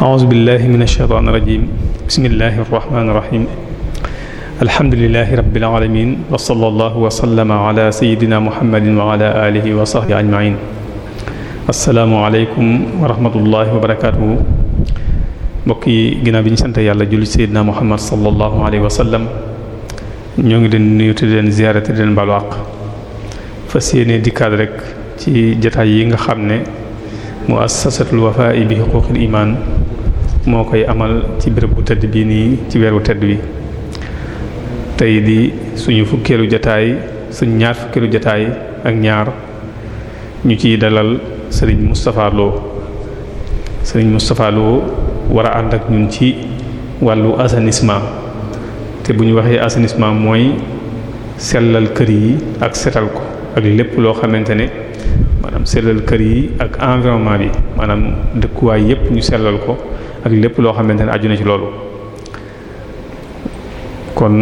aus billahi min alsheitaan irajim bismillahi arrahmani irrahim alhamdulilahi rabbil alamin wa sallallahu wa sallama ala sayidina muhammadin wa ala alihi wa sahbihi ajmain assalaamu aleykum wa rahmatullahi wa barakatuhu mbokk yi ginnaaw bi ñu sant yàlla julli sayidina muhammad sallallahu alayhi wa sallam ñoo ngi leen nuyu te leen ziyaare te leen balu àq fas yéene dikkaat rek ci jataay yi nga xam ne muassasatul wafaa bi xuquqil iman moo koy amal ci béréb bu tëdd bii nii ci weeru tëdd bi tey di suñu fukkeelu jataay suñu ñaar fukkeelu jataay ak ñaar ñu ciy dalal sëriñ Moustapha Lo sëriñ Moustapha Lo war a ànd ak ñun ci wàllu assainissement te bu ñu waxee assainissement mooy sellal kër yi ak setal ko ak lépp loo xamante ne maanaam sellal kër yi ak environnement yi maanaam dëkkuwaay yépp ñu sellal ko ak lépp loo xamante ne aju na ci loolu kon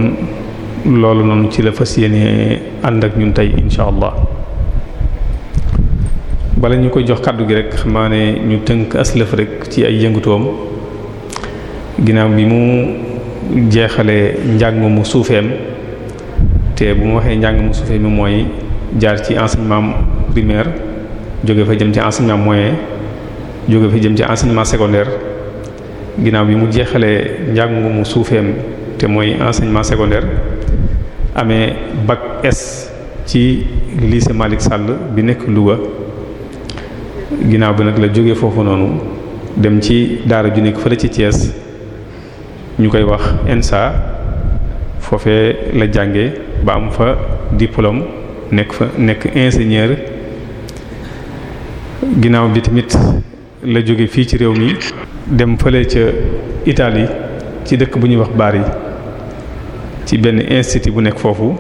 loolu noonu ci la fas yéene ànd ak ñun tey incha allah bala ñu koy jox kàddu gi rek xamaa ne ñu tënk aslëf rek ci ay yëngutoom ginnaaw bi mu jeexale njàng mu suufeem te bu ma waxee njàng mu suufeem mi mooy jaar ci enseignement primaire jóge fa jëm ci enseignement moyen jóge fa jëm ci enseignement secondaire ginnaaw bi mu jeexalee njàngu mu suufeem te mooy enseignement secondaire amee bac S ci lycée Malick Sall bi nekk Louga ginnaaw bi nag la jóge foofu noonu dem ci daara ju nekk fële ci Thiès ñu koy wax ENSA foofee la jànge ba am fa diplôme nekk fa nekk ingénieur ginnaaw bi tamit la jóge fii ci réew mi dem fële ca Italie ci dëkk bu ñuy wax Bari ci benn institut bu nekk foofu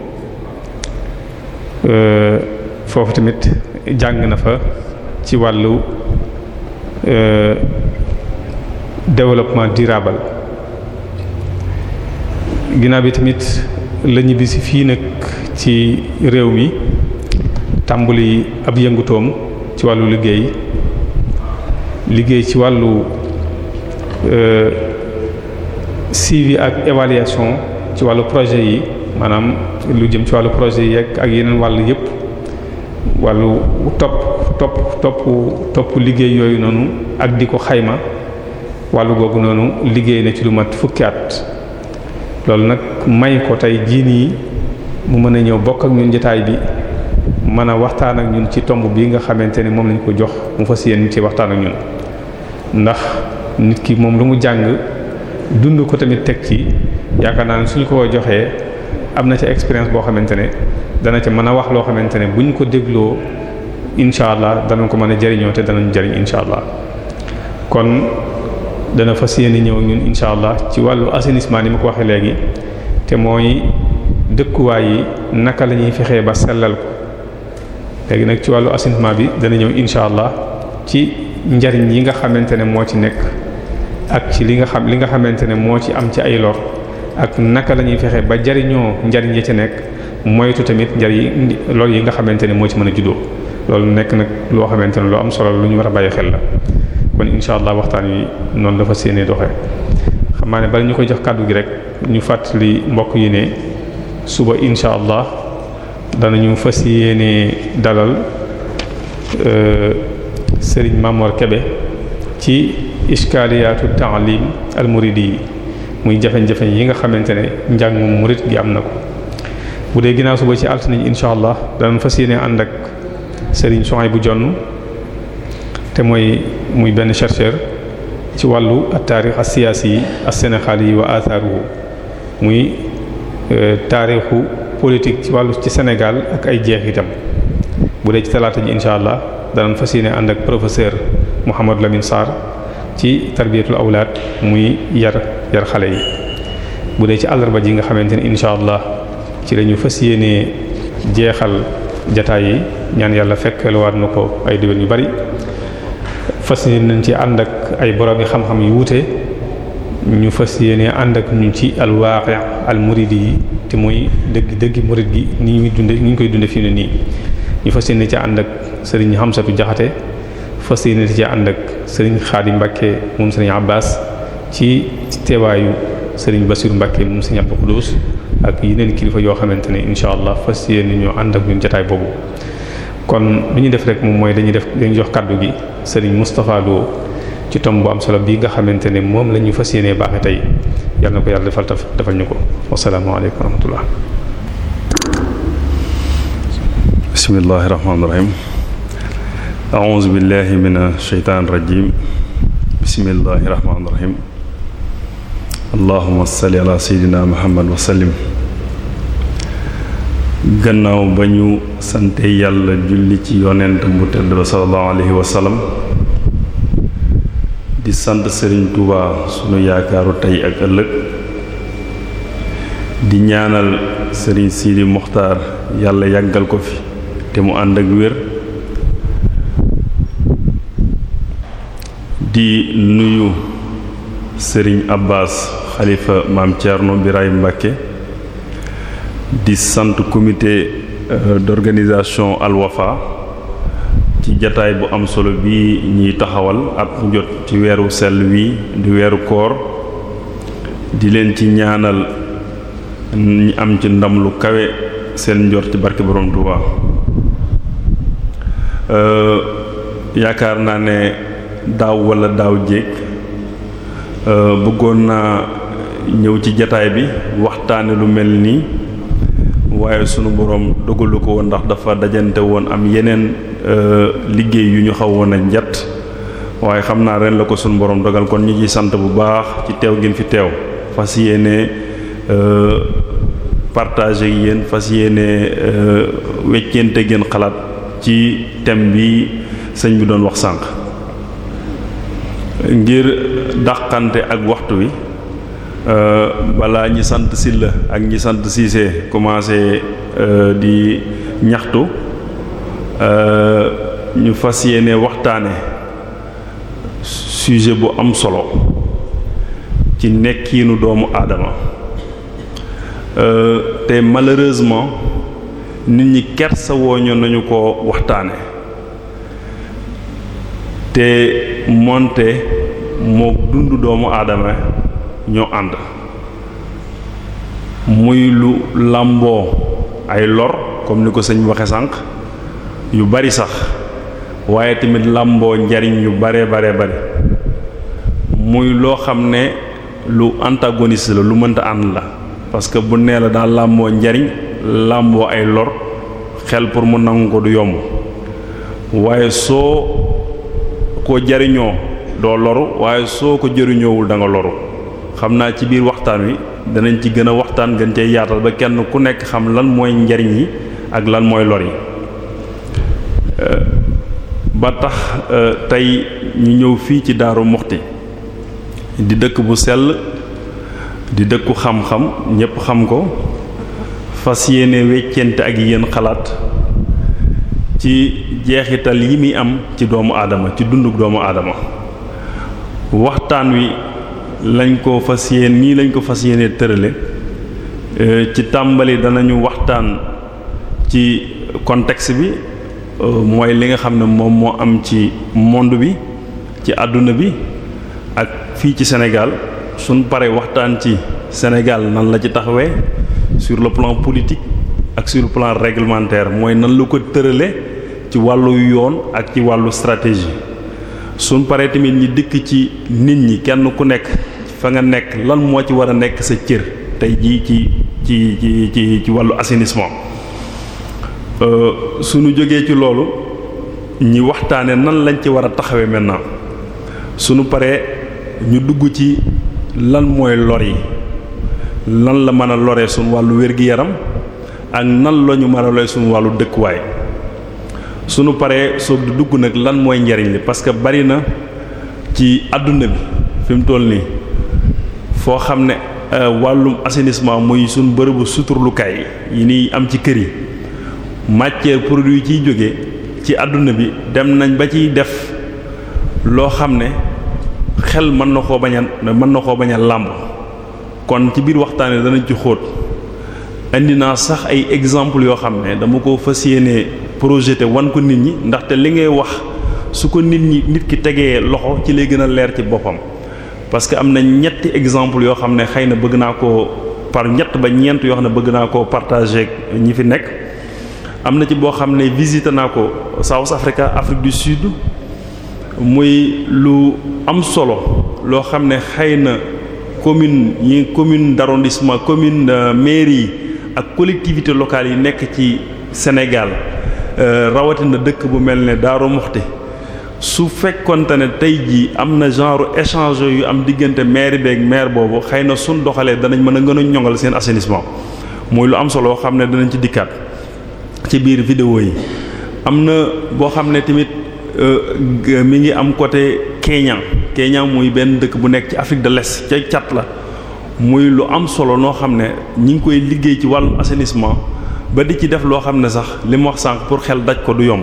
euh, foofu tamit jàng na fa ci wàllu euh, développement durable ginaaw bi tamit la ñibbisi fii nag ci réew mi tàmbali ab yëngutoom ci wàllu liggéey liggéey ci wàllu Euh, suivi ak évaluation ci wàllu projet yi maanaam lu jëm ci wàllu projet yi ak yeneen wàll yépp wàllu topp topp topp topp liggéey yooyu noonu ak di ko xayma wàllu googu noonu liggéey na ci lu mat fukki at loolu nag may ko tey jii nii mu mën a ñëw bokk ak ñun jotaay bi mën a waxtaan ak ñun ci tomb bi nga xamante ne moom lañ ko jox mu fas yéene ci waxtaan ak ñun ndax nit ki moom lu mu jàng dund ko tamit teg ci yaakaar naa ne suñ ko joxee am na ca expérience boo xamante ne dana ca mën a wax loo xamante ne buñ ko dégloo incha allah danañ ko mën a jëriñoo te danañ jëriñ incha allah kon dana fas yéene ñëw ñun incha allah ci wàllu assainissement ni ma ko waxee léegi te mooy dëkkuwaay yi naka la ñuy fexee ba sellal léegi nag ci wàllu assainissement bi dana ñëw incha allah ci njariñ yi nga xamante ne moo ci nekk. ak ci li nga xam li nga xamante ne moo ci am ci ay lor ak naka la ñuy fexe ba jariñoo njariñ yi ci nekk moytu tamit njariñ lor yi nga xamante ne moo ci mën a juddoo loolu nekk nag loo xamante ne lu am solo lu ñu war a bàyyi xel la kon incha allah waxtaan wi noonu dafa séenee doxee xam naa ne bala ñu koy jox kàddu gi rek ñu fàttali mbokk yi ne suba incha allah danañu fas yéenee dalal euh, Serigne Mamor Kebe ci. iskaaliyaatu taalim almuridi yi muy jafe-jafe yi nga xamante ne njàngum murid gi am na ko bu dee ginaa suba ci altina ji incha allah danañ fas yéene ànd ak Serigne Sohay bu jonn te mooy muy benn chercheur ci wàllu taarix as siyaasi yi wa Sénégal yi muy euh, taarixu politique ci wàllu ci Sénégal ak ay jeex itam bu dee ci talaata ji incha allah danañ fas yéene ànd ak professeur Mouhamadou Lamine Sarr. ci tarbiyatul awlaad muy yar yar xale yi bu dee ci àllarba ji nga xamante ne incha allah ci lañu ñu fas yéenee jeexal jataay yi ñaan yàlla fekkeluwaat na ko ay déwén yu bari fas yéene nañ ci ànd ak ay borom yi xam-xam yu wuute ñu fas yéene ànd ak ñu ci alwaaqi al muridi yi te muy dëgg dëgg murid gi ni ñuy dunde ni ñu koy dunde fii ne nii ñu fas yéene ci ànd ak sëriñ Hamsatu Jaxate fas yéene ci ànd ak sëriñ Xaadim Mbàkke moom sëriñ Abbas ci teewaayu sëriñ Basiru Mbàkke moom sëriñ Abdu Xudoos ak yeneen kilifa yoo xamante ne incha allah fas yéene ñu ànd ak ñun jotaay boobu. kon lu ñu def rek moom mooy dañuy def dañuy jox kàddu gi sëriñ Moustapha Lo ci tom bu am solo bii nga xamante ne moom la ñu fas yéenee baaxe tey yal na ko yàlla defal defal ñu ko wasalaamaaleykum wa rahmatullah auzu billahi mina sheytaan rajim bismillahi rahmaani rahim allahuma salli ala seydina muhammad wasallim gannaaw ba ñu sante yàlla julli ci yonent bu tedd ba sallallahu alayhi wa di sant sëriñ Tuubaa sunu yaakaaru tey ak ëllëg di ñaanal sëriñ Siidi Muxtaar yàlla yàggal ko fi te mu ànd ak wér di nuyu sëriñ Abbas xalifa maam Thierno Biray Mbacké di sant comité euh, d'organisation Al ci jataay bu am solo bi ñuy taxawal at mu jot ci weeru sell wi di weeru koor di leen ci ñaanal ñi am ci ndam lu kawe seen njort ci barke borom Touba euh, yaakaar naa ne daaw wala daaw jéeg euh, bëggoon naa ñëw ci jataay bi waxtaane lu mel nii waaye sunu boroom dogalu ko woon ndax dafa dajante woon am yeneen euh, liggéey yu ñu xawoon a njat waaye xam naa ren la ko sunu boroom dogal kon ñu ciy sant bu baax ci teew gin fi teew fas yéene euh, partager ak yéen fas yéene weccente gën xalaat ci thème bi sëñ bi doon wax sànq ngir dàqante ak waxtu wi euh, balaa ñi sant Silla ak ñi sant Cissé commencé euh, di ñaxtu euh, ñu fas yéene waxtaane sujet bu am solo ci nekkiinu doomu aadama te malheureusement nit ñi kersa wooñu nañu ko waxtaane te moonte moo dund doomu aadama ñoo ànd muy lu làmboo ay lor comme ni ko sëñ waxe sànq yu bari sax waaye tamit làmboo njariñ yu bare bare bari muy loo xam ne lu antagoniste la lu mënta ànd la parce que bu nee la daa làmboo njariñ làmboo ay lor xel pour mu nangu ko du yomb waaye soo ko jariñoo doo loru waaye soo ko jariñoowul danga nga loru xam naa ci biir waxtaan wi danañ ci gën a waxtaan gën cee yaatal ba kenn ku nekk xam lan mooy njariñ yi ak lan mooy lor yi ba tax tey ñu ñëw fii ci Daaru Muxti di dëkk bu sell di dëkku xam-xam ñépp xam ko fas yéene weccente ak yéen xalaat ci jeexital yi muy am ci doomu aadama ci dunduk doomu aadama waxtaan wi lañ ko fas yéen nii lañ ko fas yéenee tërale euh, ci tàmbali danañu waxtaan ci contexte bi euh, mooy li nga xam ne moom moo am ci monde bi ci àdduna bi ak fii ci senegal suñ paree waxtaan ci Sénégal nan la ci taxawee sur le plan politique ak sur le plan réglementaire mooy nan lu ko tërale ci wàllu yoon ak ci wàllu stratégie suñ paree tamit ñi dikk ci nit ñi kenn ku nekk fa nga nekk lan moo ci war a nekk sa cër tey jii ci ci ci ci ci wàllu assainissement euh, sunu jógee ci loolu ñi waxtaane nan lañ ci war a taxawee maintenant suñu paree ñu dugg ci lan mooy lor yi lan la mën a lore suñu wàllu wér-gi-yaram ak nan la ñu mën a loree suñu wàllu dëkkuwaay sunu paree soog di dugg nag lan mooy njariñ li parce que bari na ci àdduna bi fi mu toll nii foo xam ne euh, wàllum assainissement muy sunu bërëbu suturlukaay yi ni am ci kër yi matière produit yi ciy jóge ci àdduna bi dem nañ ba ciy def loo xam ne xel mën na koo bañ mën na koo bañ a làmb kon ci biir waxtaan wi danañ ci xóot indi naa sax ay exemples yoo xam ne dama ko fas yéenee te wan ko nit ñi ndaxte li ngay wax su ko nit ñi nit ki tegee loxo ci lay gën a leer ci boppam parce que am na ñetti exemple yoo xam ne xëy na bëgg naa ko par ñett ba ñeent yoo xam ne bëgg naa koo partager ñi fi nekk am na ci boo xam ne visité naa ko South Africa Afrique du Sud muy lu am solo loo xam ne xëy na commune yi commune d'arrondissement commune euh, mairie yi ak collectivité locale yi nekk ci Sénégal Euh, rawatina dëkk bu mel ne Daaru Muxti su fekkonte ne tey jii am na genre échange yu am diggante maire beek maire boobu xëy na suñ doxalee danañ mën a gën a ñongal seen assainissement muy lu am solo xam ne danañ ci dikkaat ci biir vidéo yi am na boo xam ne tamit euh, mi ngi am côté Kenya Kenya muy benn dëkk bu nekk ci Afrique de l'Est ca cat la muy lu am solo noo xam ne ñi ngi koy liggéey ci wàllum assainissement ba di ci def loo xam ne sax li mu wax sànq pour xel daj ko du yomb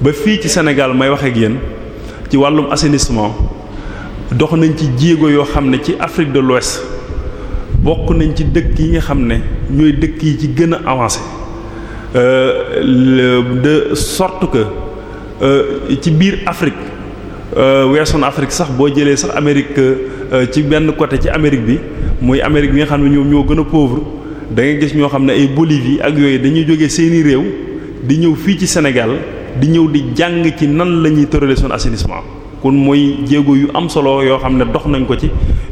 ba fii ci Sénégal may wax ak yéen ci wàllum assainissement dox nañ ci jéego yoo xam ne ci Afrique de l'Ouest bokk nañ ci dëkk yi nga xam ne ñooy dëkk yi ci gën a avancé euh, de sorte que euh, ci biir Afrique euh, weesoon Afrique sax boo jëlee sax Amérique ci benn côté ci Amérique bi muy Amérique bi nga xam ne ñoom ñoo gën a pauvre da gis ñoo xam ne ay Bolivie ak yooyu dañuy jóge seeni réew di ñëw fii ci Sénégal di ñëw di jàng ci nan la ñuy tëralee son assainissement kon mooy jéego yu am solo yoo xam ne dox nañ ko ci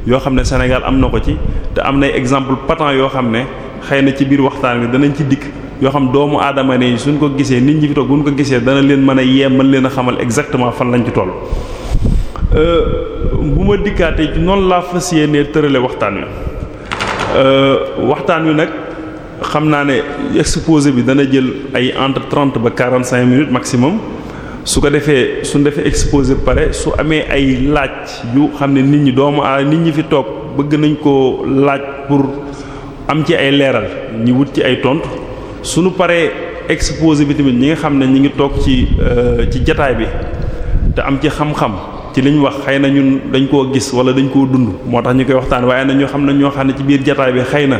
yoo xam ne Sénégal am na ko ci te am nay exemple patent yoo xam ne xëy na ci biir waxtaan wi danañ ci dikk yoo xam doomu aadama ne suñ ko gisee nit ñi fi ko gisee dana leen mën a yee mën leen a xamal exactement fan lañu ci toll. Euh, bu ma dikkaatee noonu laa fas yéenee tërale waxtaan wi. Euh, waxtaan wi nag xam naa ne exposé bi dana jël ay entre trente ba quarante cinq minutes maximum su ko defee suñ defee exposé pare su amee ay laaj yu xam ne nit ñi doomu a nit ñi fi toog bëgg nañ ko laaj pour am ci ay leeral ñu wut ci ay tontu suñu paree exposé bi tamit ñi nga xam ne ñi ngi toog ci euh, ci jataay bi te am ci xam-xam ci li ñu wax xëy na ñun dañ koo gis wala dañ koo dund moo tax ñu koy waxtaan waaye na xam ne ñoo xam ne ci biir jataay bi xay na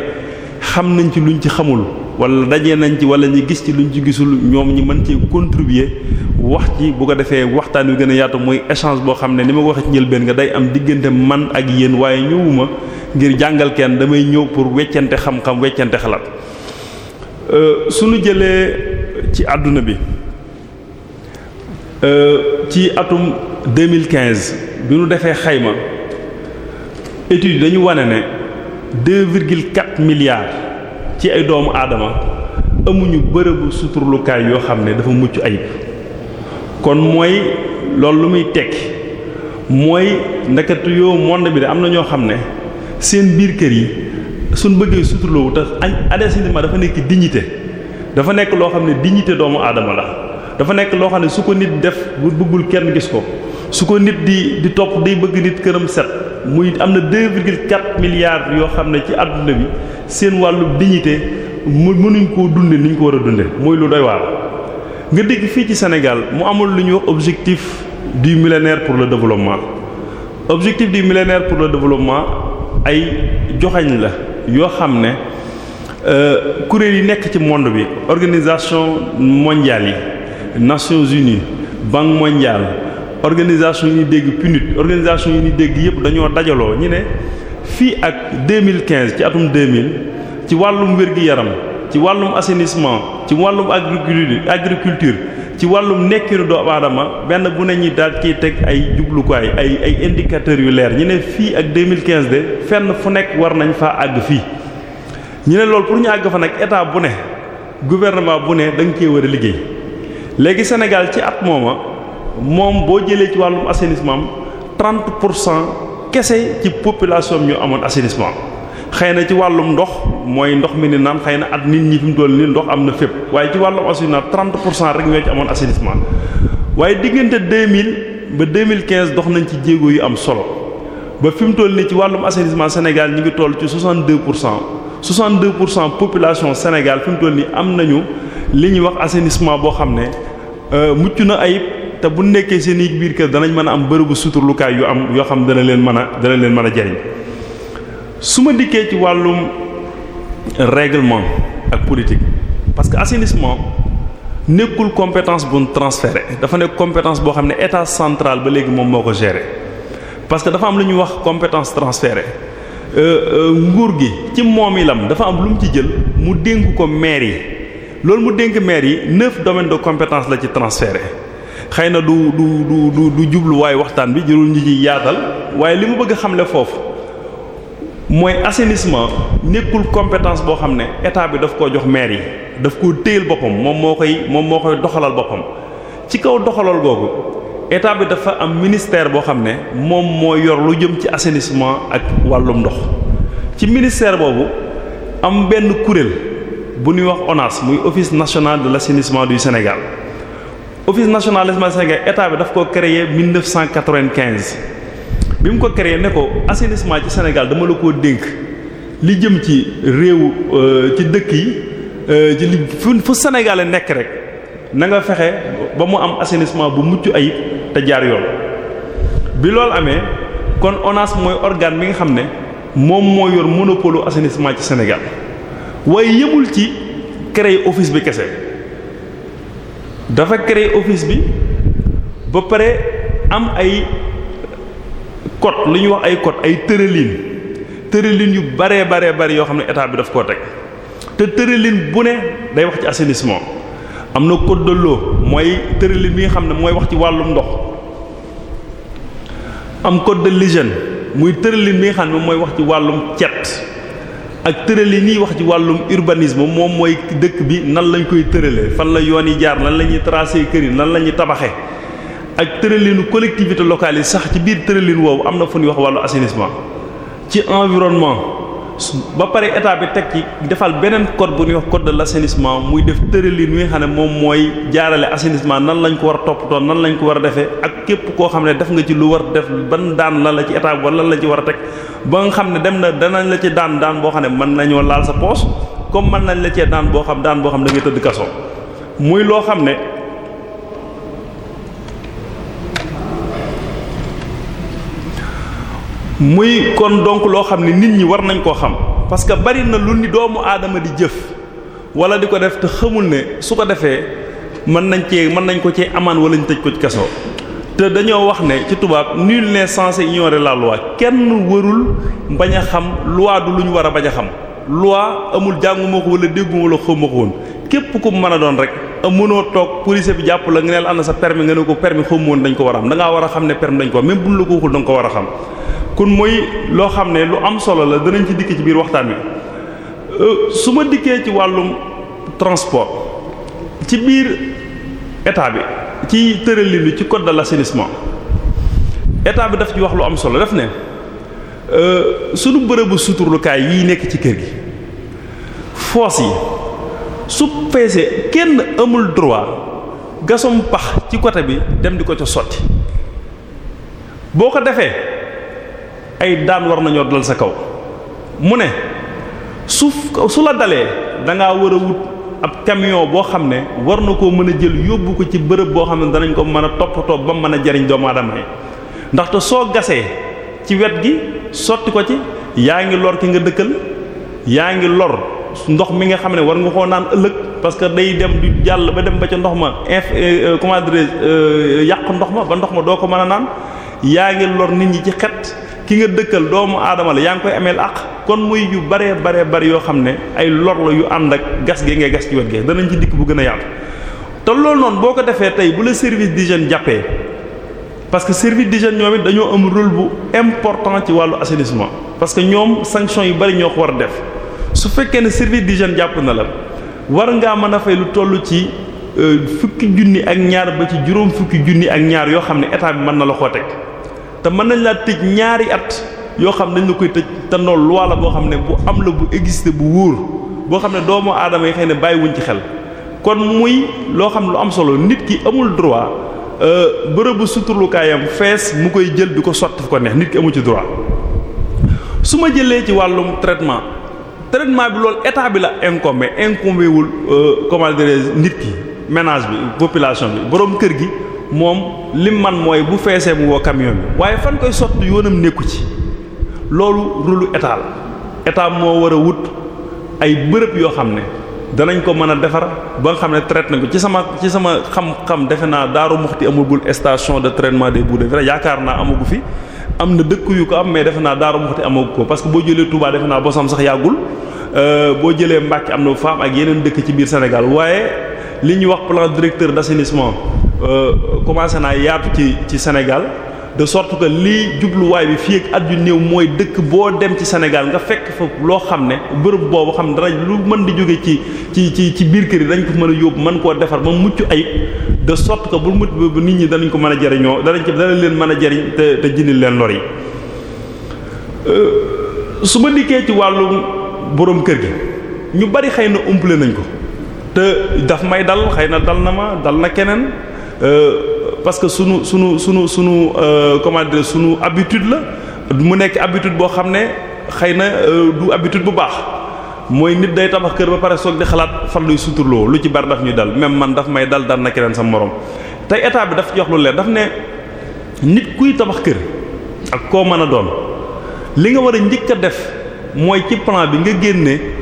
xam nañ ci luñ ci xamul wala dajee nañ ci wala ñu gis ci luñ ci gisul ñoom ñi mën ci contribuer wax ci bu ko defee waxtaan wi gën a yaatu muy échange boo xam ne ni ma ko waxee ci njëlbeen nga day am diggante man ak yéen waaye ñëwuma ngir jàngal kenn damay ñëw pour weccante xam-xam weccante xalaat euh, sunu jëlee ci àdduna bi Euh, ci atum 2015 bi ñu defee xayma étude dañu wane ne 2,4 milliards ci ay doomu aadama amuñu bërëbu suturlukaay yoo xam ne dafa mucc ayib kon mooy loolu lu muy tekki mooy ndekatu yoo monde bi de am na ñoo xam ne seen biir kër yi suñ bëggee suturloowu tax añ adessiniment dafa nekk dignité dafa nekk loo xam ne dignité doomu aadama la dafa nekk loo xam ne su ko nit def bu bëggul kenn gis ko su ko nit di di topp day bëgg nit këram set muy am na 2,4 milliards yoo xam ne ci àdduna bi seen wàllu dignité mu mënuñ ko dunde ni ñu ko war a dunde mooy lu doy waar nga dégg fii ci Sénégal mu amul lu ñuy wax objectif du millénaire pour le développement objectif du millénaire pour le développement ay joxañ la yoo xam ne euh, kuréel yi nekk ci monde bi organisation mondiale yi Nations Unies Banque mondiale organisation yi ñuy dégg PNUD organisation yi ñuy dégg yëpp dañoo dajaloo ñu ne fii ak 2015 ci atum 2000 ci wàllum wér-gi-yaram ci wàllum assainissement ci wàllum agriculture agriculture ci wàllum nekkinu doomu aadama benn bu ne ñi daal ciy teg ay jublukaay ay ay indicateurs yu leer ñu ne fii ak 2015 de fenn fu nekk war nañ faa àgg fii ñu ne loolu pour ñu àgg fa nag état bu ne gouvernement bu ne da nga cee war a liggéey léegi Sénégal ci at mooma moom boo jëlee ci wàllum assainissement am pour cent kese ci population ñu amoon assainissement xëy na ci wàllum ndox mooy ndox mi ne naan xëy na at nit ñi fi mu toll ndox am na fépp waaye ci wàllum assainissement 30 pour cent rek ñoo ci amoon assainissement waaye diggante 2000 ba 2015 dox nañ ci jéego yi am solo ba fi mu toll nii ci wàllum assainissement Sénégal ñu ngi toll ci 62 pour cent. 62 pour cent population Sénégal fi mu toll nii am nañu li ñuy wax assainissement boo xam ne euh, mucc na ayib te bu nekkee seen i biir kër danañ mën a am bërëbu suturlukaay yu am yoo xam dana leen mën a dana leen mën a jariñ su ma dikkee ci wàllum règlement ak politique parce que assainissement nekkul compétence bu ñu dafa nekk compétence boo xam ne état central ba léegi moom moo ko géré parce que dafa am lu ñuy wax compétence transférée. Euh, euh, nguur gi ci moomilam dafa am lu mu ci jël mu dénk ko maire yi loolu mu dénk maire yi neuf domaines de compétence la ci transféré xëy na du du du du jubluwaay waxtaan bi jërul ñu ci yaatal waaye li mu bëgg xamle foofu mooy assainissement nekkul compétence boo xam ne état bi daf koo jox maire yi daf ko téyel boppam moom moo koy moom moo koy doxalal boppam ci kaw doxalal googu état bi dafa am ministère boo xam ne moom moo yor lu jëm ci assainissement ak wàllum ndox ci ministère boobu am benn kuréel bu ñuy wax ONAS muy office national de l'assainissement du Sénégal office national de l'assainissement du Sénégal état bi daf ko créé 1995 bi mu ko créé ne ko assainissement ci Sénégal dama la ko dénk li jëm ci réew euh, ci dëkk yi euh, ci li fu Sénégalais nekk rek na nga fexe ba mu am assainissement bu mucc ayib. te jaar yoon bi loolu amee kon ONAS mooy organe bi nga xam ne moom moo yor monopole assainissement ci senegal waaye yëmul ci créer office bi kese dafa créer office bi ba pare am ay code lu ñuy wax ay code ay tërëlin tërëlin yu baree baree bari yoo xam ne état bi daf koo teg te tërëlin bu ne day wax ci assainissement am na code de l'eau mooy tëralin bi nga xam ne mooy wax ci wàllum ndox am code de l'hygiène muy tëralin bi nga xam ne mooy wax ci wàllum cet ak tëralin yi wax ci wàllum urbanisme moom mooy dëkk bi nan lañ koy tëralee fan la yoon yi jaar nan la ñuy tracer kër yi nan la ñuy tabaxee ak tëralinu collectivité locale yi sax ci biir tëralin woowu am na fu ñuy wax wàllu assainissement ci environnement. ba pare état bi teg ci defal beneen code bu ñuy wax code la l'assainissement muy def tëralin wi nga xam ne moom mooy jaarale assainissement nan lañ ko war a toppatoo nan lañ ko war a defee ak képp koo xam ne def nga ci lu war def ban daan la la ci état bi wala lan la ci war a teg ba nga xam ne dem na danañ la ci daan daan boo xam ne mën nañoo laal sa poche comme mën nañ la cee daan boo xam daan boo xam da ngay tëdd kaso muy loo xam ne muy kon donc loo xam ne nit ñi war nañ koo xam parce que bari na lu ni doomu aadama di jëf wala di ko def te xamul ne su ko defee mën nañ cee mën nañ ko cee amaan wala ñu tëj ko ci kaso te dañoo wax ne ci tubaab nul n'est censé ignorer la loi kenn warul bañ a xam loi du lu ñu war a bañ a xam loi amul jànguma ko wala dégguma wala xawma ko woon képp ku mën a doon rek mënoo toog police bi jàpp la nga ne la sa permis nga ko permis xawma woon a xam da xam ne permis dañ ko même buñ ko ko war a xam kon mooy loo xam ne lu am solo la danañ ci dikk ci biir waxtaan wi euh, su ma dikkee ci wàllum transport ci biir état bi ci tëralin bi ci code de l'assainissement état bi daf ci wax lu am solo daf ne euh, sunu bërëbu suturlukaay yi nekk ci kër gi foos yi su feesee kenn amul droit gasum pax ci côté bi dem di ko ca sotti boo ko defee ay daan war nañoo dal sa kaw mu ne su su la dalee da ngaa war a wut ab camion boo xam ne war na koo mën a jël yóbbu ko ci bërëb boo xam ne danañ ko mën a toppatoo ba mën a jariñ doomu aadama yi ndaxte soo gasee ci wet gi sotti ko ci yaa ngi lor ki nga dëkkal yaa ngi lor ndox mi nga xam ne war nga koo naan ëllëg parce que day dem du jàll ba dem ba ca ndox ma inf euh, euh, comment dirais euh, yàq ndox ma ba ndox ma doo ko mën a naan yaa ngi lor nit ñi ci xet ki nga dëkkal doomu aadama la yaa ngi koy ameel àq kon muy yu baree baree bari yoo xam ne ay lor yu ànd ak gas gi ngay gas ci wet gi danañ ci dikk bu gën a yaatu te loolu noonu boo ko defee tey bu la service d'hygiène jàppee parce que service d'hygiène ñoom it dañoo am rôle bu important ci wàllu assainissement parce que ñoom sanction yu bari ñoo ko war a def su fekkee ne service d'hygiène jàpp na la war ngaa mën a fay lu toll ci euh, fukki junni ak ñaar ba ci juróom fukki junni ak ñaar yoo xam ne état bi mën na la koo teg te mën nañ laa tëj ñaari at yoo xam ne dañ la koy tëj te noonu loi la boo xam ne bu am la bu existé bu wóor boo xam ne doomu aadama yi xëy na bàyyiwuñ ci xel kon muy loo xam lu am solo nit ki amul droit euh, bërëbu suturlukaayam fees mu koy jël di ko sotti fu ko neex nit ki amu ci droit su ma jëlee ci wàllum traitement traitement bi loolu état bi la incombé incombé wul euh, comment dirais nit ki ménage bi population bi borom kër gi moom lim man mooy bu feesee mu woo camion bi waaye fan koy sotti yoonam nekku ci loolu rôle lu état la moo war a wut ay bërëb yoo xam ne danañ ko mën a defar ba nga xam ne traité nañ ko ci sama ci sama xam-xam defe naa Daaru Muxti amagul station de traitement des boues de yaakaar naa amagu fi am na dëkk yu ko am mais defe naa Daaru Muxti amagu ko parce que boo jëlee Touba defe naa Bosam sax yàggul euh, boo jëlee Mbàkke am na bu fa ak yeneen dëkk ci biir Sénégal waaye li ñuy wax plan directeur d'assainissement Euh, commencé naa yaatu ci ci Sénégal de sorte que lii jubluwaay bi fii ak at yu néew mooy dëkk boo dem ci Sénégal nga fekk fa loo xam ne bërëb boobu xam ne dara lu man di jóge ci ci ci ci biir kër yi dañ ko mën a yóbbu mën koo defar ba mu mucc ayib de sorte ko bu mut bu nit ñi danañ ko mën a jariñoo danañ ci danañ leen mën a jariñ te te jëndil leen lor yi euh, su ma dikkee ci wàllu boroom kër gi ñu bari xëy na umpale nañ ko te daf may dal xëy na dal na ma dal na keneen Euh, parce que sunu sunu sunu sunu euh, comment dire sunu habitude la mu nekk habitude boo xam ne xëy na euh, du habitude bu baax mooy nit day tabax kër ba pare soog di xalaat fan luy suturloo lu ci bari daf ñuy dal même man daf may dal dal na keneen sa morom tey état bi daf jox lu leer daf ne nit kuy tabax kër ak koo mën a doon li nga war a njëkk a def mooy ci plan bi nga génne.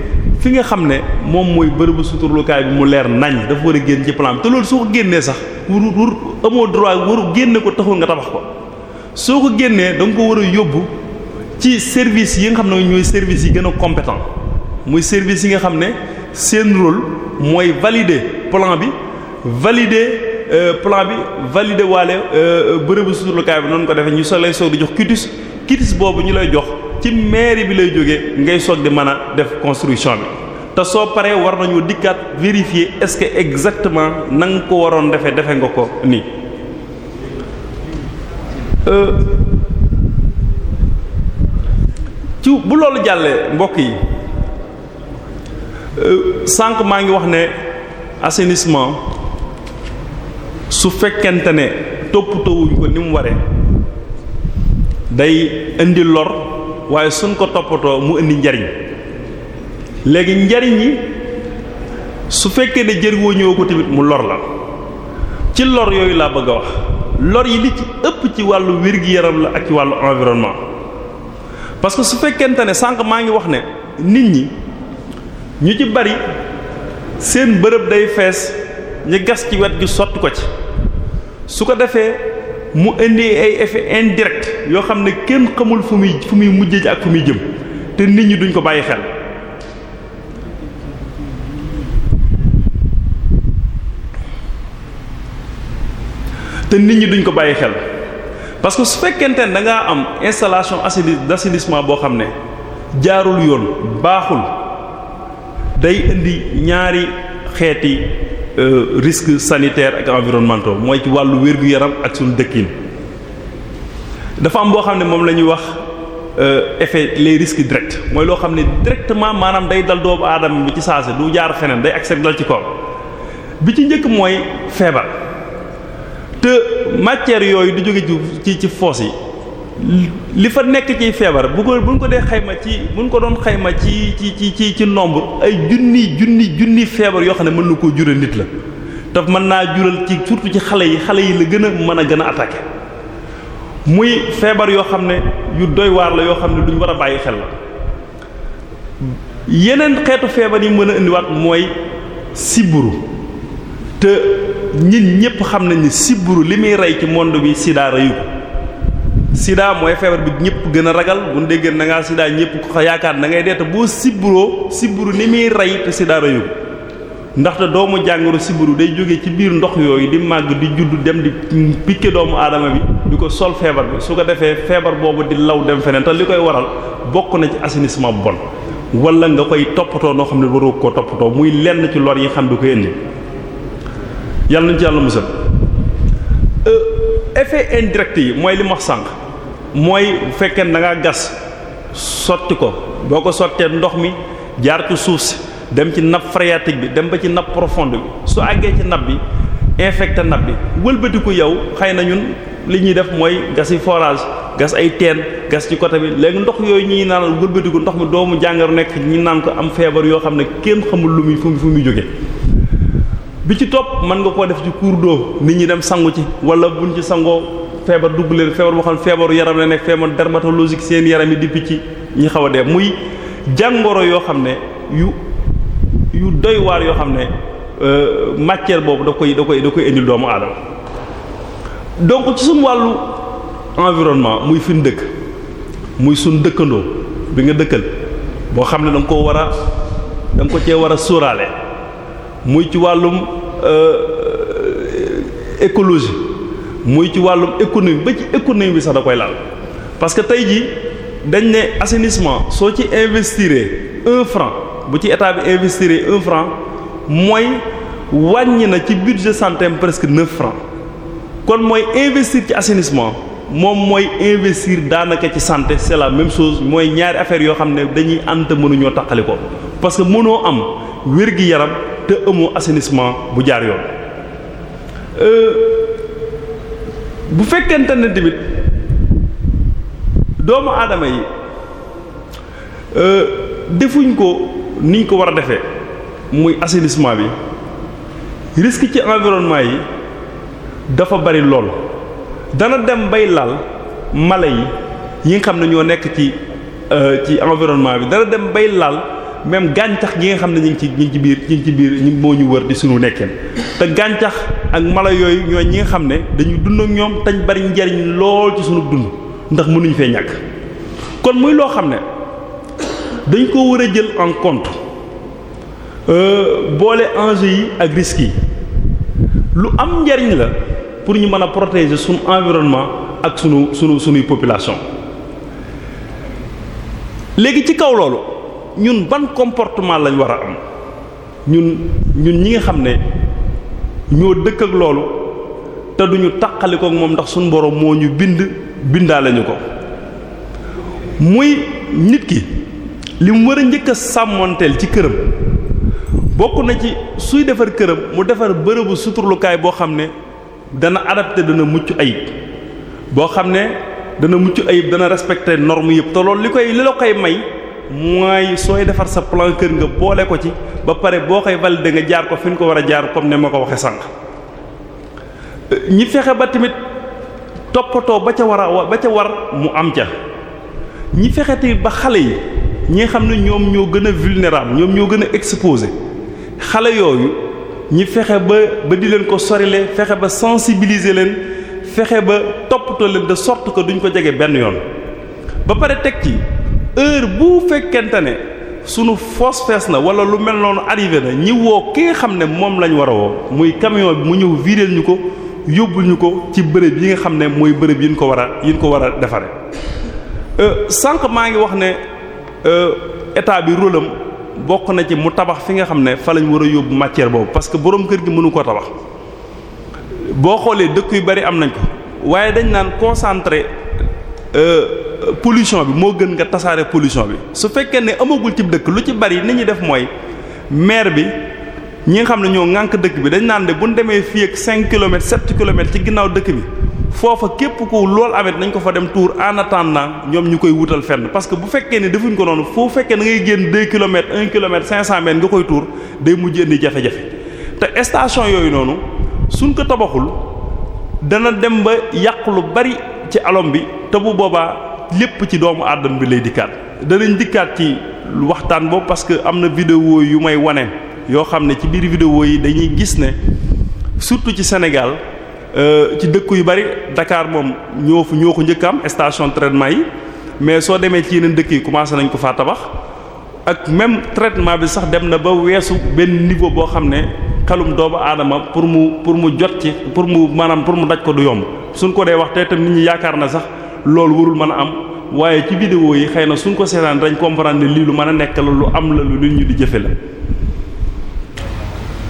fi nga xam ne moom mooy bërëbu suturlukaay bi mu leer nañ dafa war a génn ci plan bi te loolu soo ko génnee sax waru waru amoo droit waru génne ko taxul nga tabax ko soo ko génnee da ko war a yóbbu ci service yi nga xam ne ñooy service yi gën a compétent muy service yi nga xam ne seen rôle mooy valide plan bi valider. Euh, plan bi validé waale euh, bërëbu suturlukaay bi noonu ko defee ñu so lay soog di jox kitis kitis boobu ñu lay jox ci mairie bi lay jóge ngay soog di mën a def construction bi te soo paree war nañu dikkat vérifier est-ce que exactement nanga nga ko waroon defee defee nga ko nii. Euh, ci bu loolu jàllee mbokk yi euh, sànq maa ngi wax ne assainissement su fekkente ne toppatoo wuñ ko ni mu waree day indi lor. waaye suñ ko toppatoo mu indi njariñ léegi njariñ yi su fekkee ne jëriñoo ñëw ko tamit mu lor la ci lor yooyu laa bëgg a wax lor yi li ci ëpp ci wàllu wér-gi-yaram la ak ci wàllu environnement parce que su fekkente ne sànq maa ngi wax ne nit ñi ñu ci bari seen bërëb day fees ñu gas ci wet gi sotti ko ci su ko defee mu indi ay effet indirect yoo xam ne kenn xamul fu muy fu muy mujjee ji ak fu muy jëm te nit ñi duñ ko bàyyi xel te nit ñi duñ ko bàyyi xel parce que su fekkente ne da ngaa am installation d'assainissement boo xam ne jaarul yoon baaxul day indi ñaari xeeti Euh, risques sanitaires ak environnementaux mooy ci wàllu wér-gu-yaram ak suñu dëkkin dafa am boo xam ne moom la ñuy wax euh, effet les risques direct mooy loo xam ne directement maanaam day dal doomu aadama bi ci saase du jaar feneen day accès dal ci kaw bi ci njëkk mooy feebar te matière yooyu di jóge ci ci foos yi li fa nekk ci feebar bu ko buñ ko dee xayma ci buñ ko doon xayma ci ci ci ci ci nombre ay junni junni junni feebar yoo xam ne mën na koo jural nit la te mën naa jural ci surtout ci xale yi xale yi la gën a mën a gën a attaqué muy feebar yoo xam ne yu doy waar la yoo xam ne duñ war a bàyyi xel la yeneen xeetu feebar yi mën a indiwaat mooy siburu te ñun ñëpp xam nañ ni siburu li muy rey ci monde bi sida yi sida mooy feebar bi ñëpp gën a ragal bu ñu déggee na ngaa sida ñëpp ko yaakaar na ngay dee te boo sibburoo sibbiru ni muy rey te sida reyu ndaxte doomu jàngoro sibiru day jóge ci biir ndox yooyu di màgg di judd dem di piqué doomu aadama bi di ko sol feebar bi su ko defee feebar boobu di law dem feneen te li koy waral bokk na ci assainissement bu bon wala nga koy toppatoo noo xam ne waroo koo toppatoo muy lenn ci lor yi xam du ko indi yàlla nañ ci euh, effet indirect yi mooy li mu wax sànq mooy bu fekkee ne da gas sotti ko boo ko sottee ndox mi jaar ci suuf si dem ci nap phréatique bi dem ba ci nappe profonde bi su àggee ci nappe bi infecté nappe bi wëlbatiku yow xëy na ñun li ñuy def mooy gas yi forage gas ay teen gas ci côté bi léegi ndox yooyu ñuy naan wëlbatiku ndox mi doomu jàngoro nekk ñi naan ko am feebar yoo xam ne kenn xamul lu muy fu muy jóge bi ci topp mën nga koo def ci cours d'eau nit ñi dem sangu ci wala buñ ci sangoo. feebar dugg leen feebar boo xam ne feebaru yaram la nekk feebar dermatologique seen yaram yi di picc ñi xaw a dee muy jàngoro yoo xam ne yu yu doy waar yoo xam ne euh, matière boobu da koy da koy da koy indil doomu aadama donc ci suñu wàllu environnement muy fi dëkk muy suñ dëkkandoo bi nga dëkkal boo xam ne da ko koo war a da ko cee war a sóoraale muy ci wàllum euh, écologie muy ci wàllum économie ba ci économie bi sax da koy laal parce que tey jii dañ ne assainissement soo ci investir un franc bu ci état bi investir un franc mooy wàññi na ci budget santé presque neuf francs kon mooy investir ci assainissement moom mooy investir daanaka ci sante c'est la même chose mooy ñaari affaires yoo xam ne dañuy ànd mënuñoo taqali ko parce que mënoo am wér-gi-yaram te amoo assainissement bu jaar yoon. Euh, bu fekkente ne tamit doomu aadama yi euh, defuñ ko niñ ko war a defee muy assainissement bi risque ci environnement yi dafa bari lool dana dem bay laal mala yi yi nga xam na ñoo nekk ci euh, ci environnement bi dana dem bay laal même gàncax gi nga xam ne ñu ngi ci ñu ngi biir ñu ci biir ñu moo ñu wër di sunu nekkeen te gàncax ak mala yooyu ñooy ñi nga xam ne dañuy dund ñoom tañ bari njariñ lool ci suñu dund ndax mënuñ fee ñàkk kon muy loo xam ne dañ ko war a jël en compte euh, boole enjeux yi ak risques yi lu am njariñ la pour ñu mën a protéger suñu environnement ak suñu sunu sunuy population léegi ci kaw loolu. ñun ban comportement lañ war a am ñun ñun ñi nga xam ne ñoo dëkk ak loolu te duñu taqali ko ak moom ndax suñu borom moo ñu bind bindaale ñu ko muy nit ki li mu war a njëkk a sàmmoonteel ci këram bokk na ci suy defar këram mu defar bërëbu suturlukaay boo xam ne dana adapté dana mucc ayib boo xam ne dana mucc ayib dana respecté norme yëpp te loolu li koy li la koy may mooy sooy defar sa plan kër nga boole ko ci ba pare boo koy valider nga jaar ko fi ñu ko war a jaar comme ne ma ko waxee sànq ñi fexe ba tamit toppatoo ba ca war a ba ca war mu am ca ñi fexe tamit ba xale yi ñi xam ne ñoom ñoo gën a vulnérable ñoom ñoo gën a exposé xale yooyu ñi fexe ba ba di leen ko sorile fexe ba sensibiliser leen fexe ba toppatoo leen de sorte que duñ ko jege benn yoon ba pare teg ci. heure bu fekkente ne sunu foos fees na wala lu mel noonu arrivé na ñi woo ki nga xam ne moom lañu war a woo muy camion bi mu ñëw viréel ñu ko yóbbul ñu ko ci bërëb yi nga xam ne mooy bërëb yi ñu ko war a yi ñu ko war defaree defare euh, sànq maa ngi wax ne euh, état bi rôle bokk na ci mu tabax fi nga xam ne fa lañ war a yóbbu matière boobu parce que borom kër gi mënu ko tabax boo xoolee dëkk yu bari am nañ ko waaye dañ naan concentré. Euh, pollution bi moo gën nga tasaare pollution bi su fekkee ne amagul ci dëkk lu ci bari ni ñuy def mooy maire bi ñi nga xam ne ñoo ŋànk dëkk bi dañ naan de bu ñu demee fii ak 5 kilomètres 7 kilomètres ci ginnaaw dëkk bi foofa képp ko lool amet nañ ko fa dem tour en attendant ñoom ñu koy wutal fenn parce que bu fekkee ne defuñ ko noonu foo fekkee da ngay génn 2 kilomètres 1 kilomètre 500 mètres nga koy tuur day mujj indi jafe-jafe te station yooyu noonu suñ ko tabaxul dana dem ba lépp ci doomu aadama bi lay dikkaat danañ dikkaat ci waxtaan boobu parce que am na vidéo yu may wane yoo xam ne ci biir vidéo yi dañuy gis ne surtout ci Sénégal euh, ci dëkk yu bari dakaar moom ñoo fu ñoo ko njëkk am station traitement yi mais soo demee ci yeneen dëkk yi commencé nañ ko faa tabax ak même traitement bi sax dem na ba weesu benn niveau boo xam ne xelum doomu aadama pour mu pour mu jot ci pour mu maanaam pour mu daj ko du yomb suñ ko dee wax yaakaar na sax. loolu warul mën a am waaye ci vidéo yi xëy na suñ ko seetaan dañ comprendre ne lii lu mën a nekk la lu am la lu nit ñu di jëfe la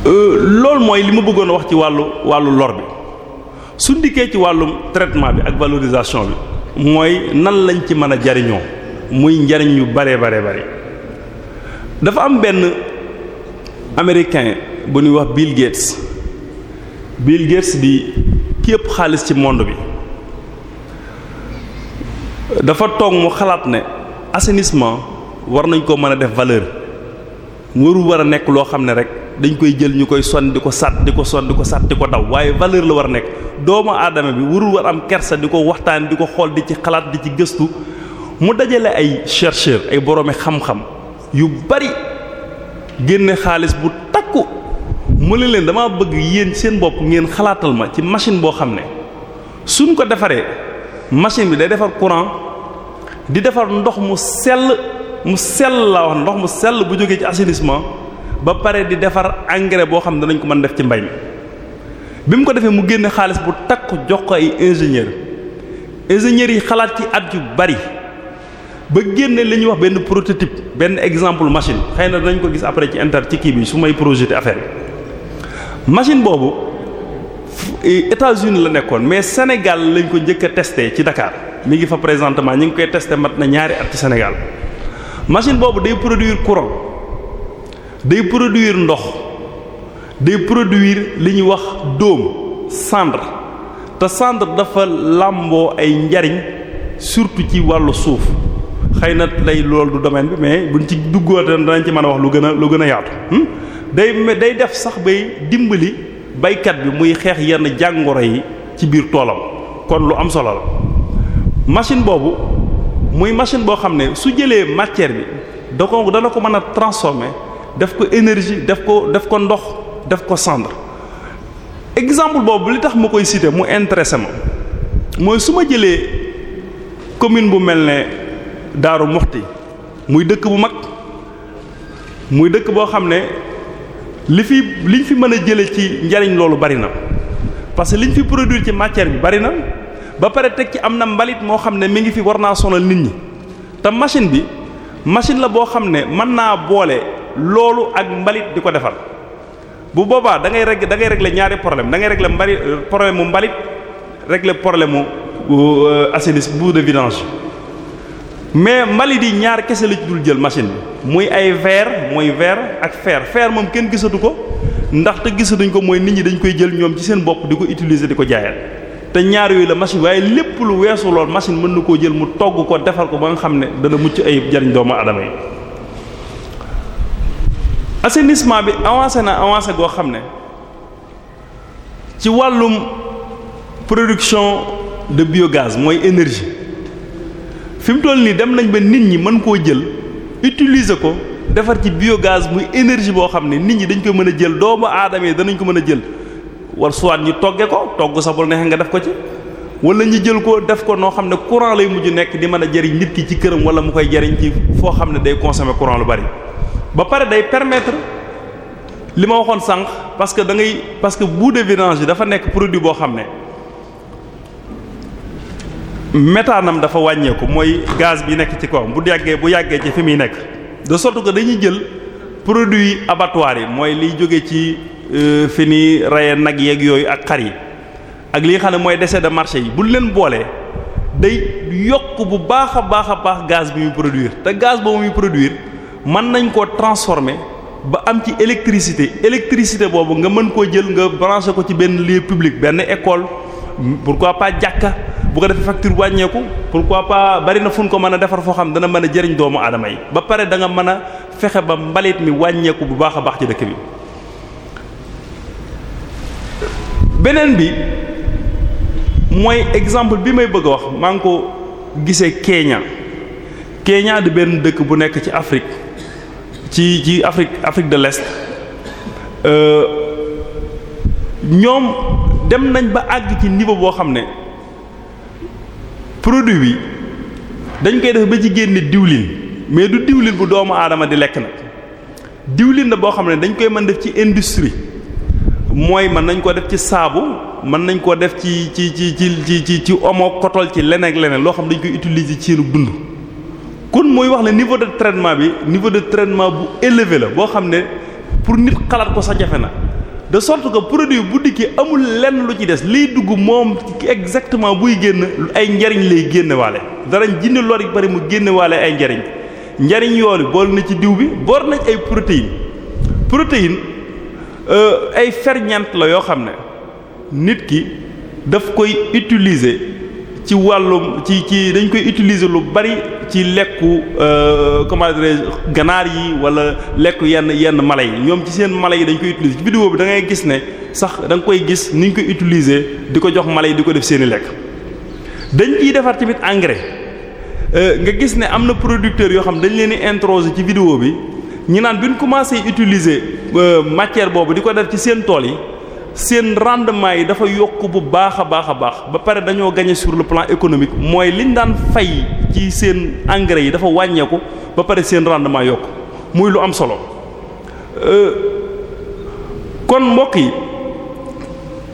euh, loolu mooy li ma bëggoon wax ci wàllu wàllu lor bi suñ dikkee ci wàllum traitement bi ak valorisation bi mooy nan lañ ci mën a jariñoo muy njariñ yu bare bare bare dafa am benn américain bu ñuy wax Bill Gates Bill Gates bi képp xaalis ci monde bi dafa toog mu xalaat ne assainissement war nañ ko mën a def valeur warul war a nekk loo xam ne rek dañ koy jël ñu koy son di ko sat di ko son di ko sat di ko daw waaye valeur la war a nekk doomu aadama bi warul war am kersa di ko waxtaan di ko xool di ci xalaat di ci gëstu mu dajale ay chercheur ay boromi xam-xam yu bari génne xaalis bu takku mu ne leen dama bëgg yéen seen bopp ngeen xalaatal ma ci machine boo xam ne suñ ko defaree machine bi day defar courant di defar ndox mu sell mu sell laa wax ndox mu sell bu jógee ci assainissement ba pare di defar engrais boo xam ne danañ ko mën def ci mbay mi bi mu ko defee mu génne xaalis bu takku jox ko ay ingénieur ingénieurs yi xalaat ci at yu bari ba génne li ñuy wax benn prototype benn exemple machine xëy na danañ ko gis après ci inter ci kii bi su may projet affaire bi machine boobu États-Unis la nekkoon mais Sénégal lañ ko njëkk a testé ci Dakar mi ngi fa présentement ñu ngi koy testé mat na ñaari at ci Sénégal machine boobu day produire courant day produire ndox day produire li ñuy wax dóom cendre te cendre dafa làmboo ay njariñ surtout ci wàllu suuf xëy na lay loolu du domaine bi mais buñ ci duggoo danañ ci mën a wax lu gën a lu gën a yaatu hmm? day day def sax bay dimbali. baykat bi muy xeex yenn jàngoro yi ci biir toolam kon lu am solo la machine boobu muy machine boo xam ne su jëlee matière bi da ko dana ko mën a transformer def ko énergie def ko def ko ndox def ko cendre exemple boobu li tax mu koy citer mu intéressé ma mooy su ma jëlee commune bu mel ne Daaru Muxti muy dëkk bu mag muy dëkk boo xam ne li fi liñ fi mën a jële ci njariñ loolu bari na parce que liñ fi produire ci matière bi bari na ba pare teg ci am na mbalit moo xam ne mi ngi fi war naa sonal nit ñi te machine bi machine la boo xam ne mën naa boole loolu ak mbalit di ko defar bu boobaa dangay ngay régler da ngay régler ñaari problème da ngay régler mbari euh, problème mu mbalit régler problème mu euh, assainissement boue de vidange mais mbalit yi ñaar kese la ci dul jël machine bi muy ay verre mooy verre ak feer feer moom kenn gisatu ko ndaxte gisatuñ ko mooy nit ñi dañ koy jël ñoom ci seen bopp di ko utiliser di ko jaayaat te ñaar yooyu la machine waaye lépp lu weesu lool machine mën na koo jël mu togg ko defar ko ba nga xam ne dana mucc ayib jariñ doomu aadama yi. assainissement bi avancé na avancé goo xam ne ci wàllum production de biogaz mooy énergie. fi mu toll nii dem nañ ba nit ñi mën koo jël utiliser ko defar ci biogaz muy énergie boo xam ne nit ñi dañ koy mën a jël doomu aadama yi danañ ko mën a jël war soit ñi togge ko togg sa bul neexee nga def ko ci wala ñu jël ko def ko noo xam ne courant lay mujj nekk di mën a jariñ nit ki ci këram wala mu koy jariñ ci foo xam ne day consommer courant lu bari ba pare day permettre li ma waxoon sànq parce que da ngay parce que bout de vidange dafa nekk produit boo xam ne métaanam dafa wàññeeku mooy gaz bi nekk ci kawam bu yàggee bu yàggee ci fi muy nekk de sorte que dañuy jël produit abattoir yi mooy liy jóge ci euh, fi ni reye nag yeeg yooyu ak xar yi ak lii nga xam ne mooy déchets de marché yi buñ leen boolee day yokk bu baax a baax a baax gaz bi muy produire te gaz boobu muy produire mën nañ koo transformer ba am ci électricité électricité boobu nga mën koo jël nga branché ko ci benn lieu public benn école pourquoi pas jàkka bu ko defee facture wàññeeku pourquoi pas bari na fu ko mën a defar foo xam dana mën a jëriñ doomu aadama yi ba pare danga mën a fexe ba mbalit mi wàññeeku bu baax baax ci dëkk bi beneen bi mooy exemple bi may bëgg a wax maa ngi ko gisee Kenya Kenya di benn dëkk bu nekk ci Afrique ci ci Afrique Afrique de l'Est euh, ñoom dem nañ ba àgg ci niveau boo xam ne produit bi dañ koy def ba jigéen ne diwlin mais du diwlin bu doomu aadama di lekk na diwlin la boo xam ne dañ koy mën def ci industrie mooy mën nañ koo def ci saabu mën nañ koo def ci ci ci ci ci ci omo kotol ci leneen ak leneen loo xam dañ koy utiliser ci seenu dund kon mooy wax ne niveau de traitement bi niveau de traitement bu élevé la boo xam ne pour nit xalaat ko sax jafe na de sorte que produit bu dikkee amul lenn lu ci des liy dugg moom exactement buy génn ay njariñ lay génnewaale darañ jinne lor bari mu génnewaale ay njariñ njariñ yoolu bool na ci diw bi boor nañ ay protéines protéines euh, ay ferñeent la yoo xam ne nit ki daf koy utiliser ci wàllum ci ci dañ koy utiliser lu bari ci lekku euh, comment dirais ganaar yi wala lekku yenn yenn mala yi ñoom ci seen mala yi dañ koy utiliser ci vidéo bi da ngay gis ne sax danga koy gis ni ñu koy utiliser di ko jox mala yi di ko def seen i lekk. dañ ciy defar tamit engrais euh, nga gis ne am na producteurs yoo xam dañ leen di introsé ci vidéo bi ñu naan bi ñu commencé utiliser euh, matière boobu di ko def ci seen tool yi. seen rendement yi dafa yokk bu baax a baax a baax ba pare dañoo gagner sur le plan économique mooy liñ daan fay ci seen engrais yi dafa wàññeeku ba pare seen rendement yokk muy lu am solo euh, kon mbokk yi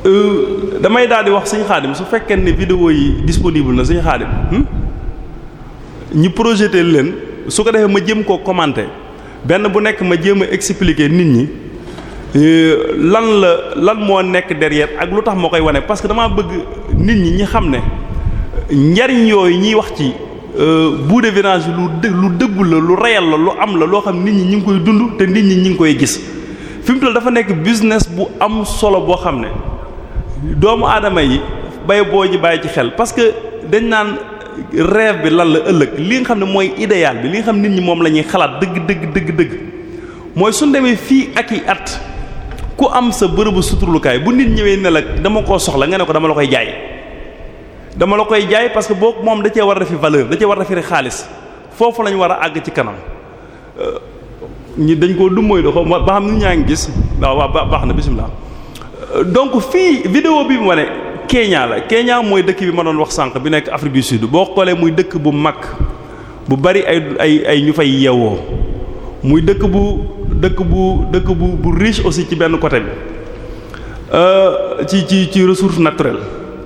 euh, damay daal di wax suñu xaadim su fekkee ne vidéo yi disponible na suñu xaadim hmm? ñu projeté leen su ko defee ma jëm koo commenter benn bu nekk ma jéem a expliquer nit ñi. Euh, lan la lan moo nekk derrière ak lu tax moo koy wane parce que damaa bëgg nit ñi ñi xam ne njariñ yooyu ñuy wax ci euh, bout de virage lu dë lu dëggul la lu reyal la lu am la loo xam nit ñi ñu ngi koy dund te nit ñi ñu ngi koy gis fi mu toll dafa nekk business bu am solo boo xam ne doomu aadama yi bay boo ji bàyyi ci xel parce que dañ naan rêve bi lan la ëllëg li nga xam ne mooy idéal bi li nga xam nit ñi moom la ñuy xalaat dëgg dëgg dëgg dëgg mooy suñ demee fii ak i at. ku am sa bërëbu suturlukaay bu nit ñëwee ne la dama koo soxla nga ne ko dama la koy jaay dama la koy jaay parce que boo moom da cee war a defi valeur da cee xaalis foofu lañu war a àgg ci kanam euh, ñi dañ koo dummóoy doxo ba xam ni ñaa ngi gis waaw waaw baax na bisimilah euh, donc fii vidéo bi mu wane Kenya la Kenya mooy dëkk bi ma doon wax sànq bi nekk Afrique du Sud boo xoolee muy dëkk bu mag bu bari ay ay ay ñu fay yeewoo muy dëkk bu. dëkk bu dëkk bu bu riche aussi ci benn côté bi euh, ci ci ci ressource naturelle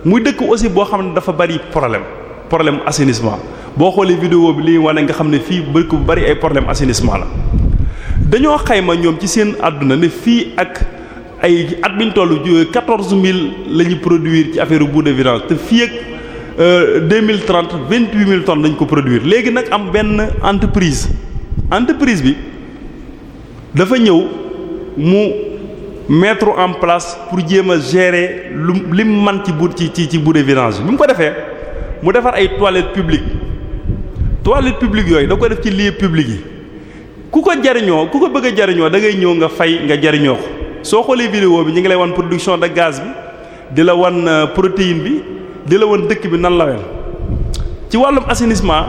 muy dëkk aussi boo xam ne dafa bari problème problème assainissement boo xoolee vidéo bi li wane nga xam ne fii dëkk bu bari ay problème assainissement la dañoo xayma ñoom ci seen àdduna ne fii ak ay at biñ toll quatorze mille la ñuy produire ci affaire boue de vidange te fii ak euh, deux mille trente vingt-huit mille tonnes lañ ko produire léegi nag am benn entreprise entreprise bi. dafa ñëw mu mettre en place pour jéem a gérer lu lim man ci bu ci ci ci boue de vidange bi mu ko defee mu defar ay toilettes publiques toilettes publiques yooyu da ko def ci lieux publics yi ku ko jariñoo ku ko bëgg a jariñoo da ngay ñëw nga fay nga jariñoo ko soo xoolee vidéo bi ñu ngi lay wan production de gaz bi di la wan euh, protéine bi di la wan dëkk bi nan la wel ci wàllum assainissement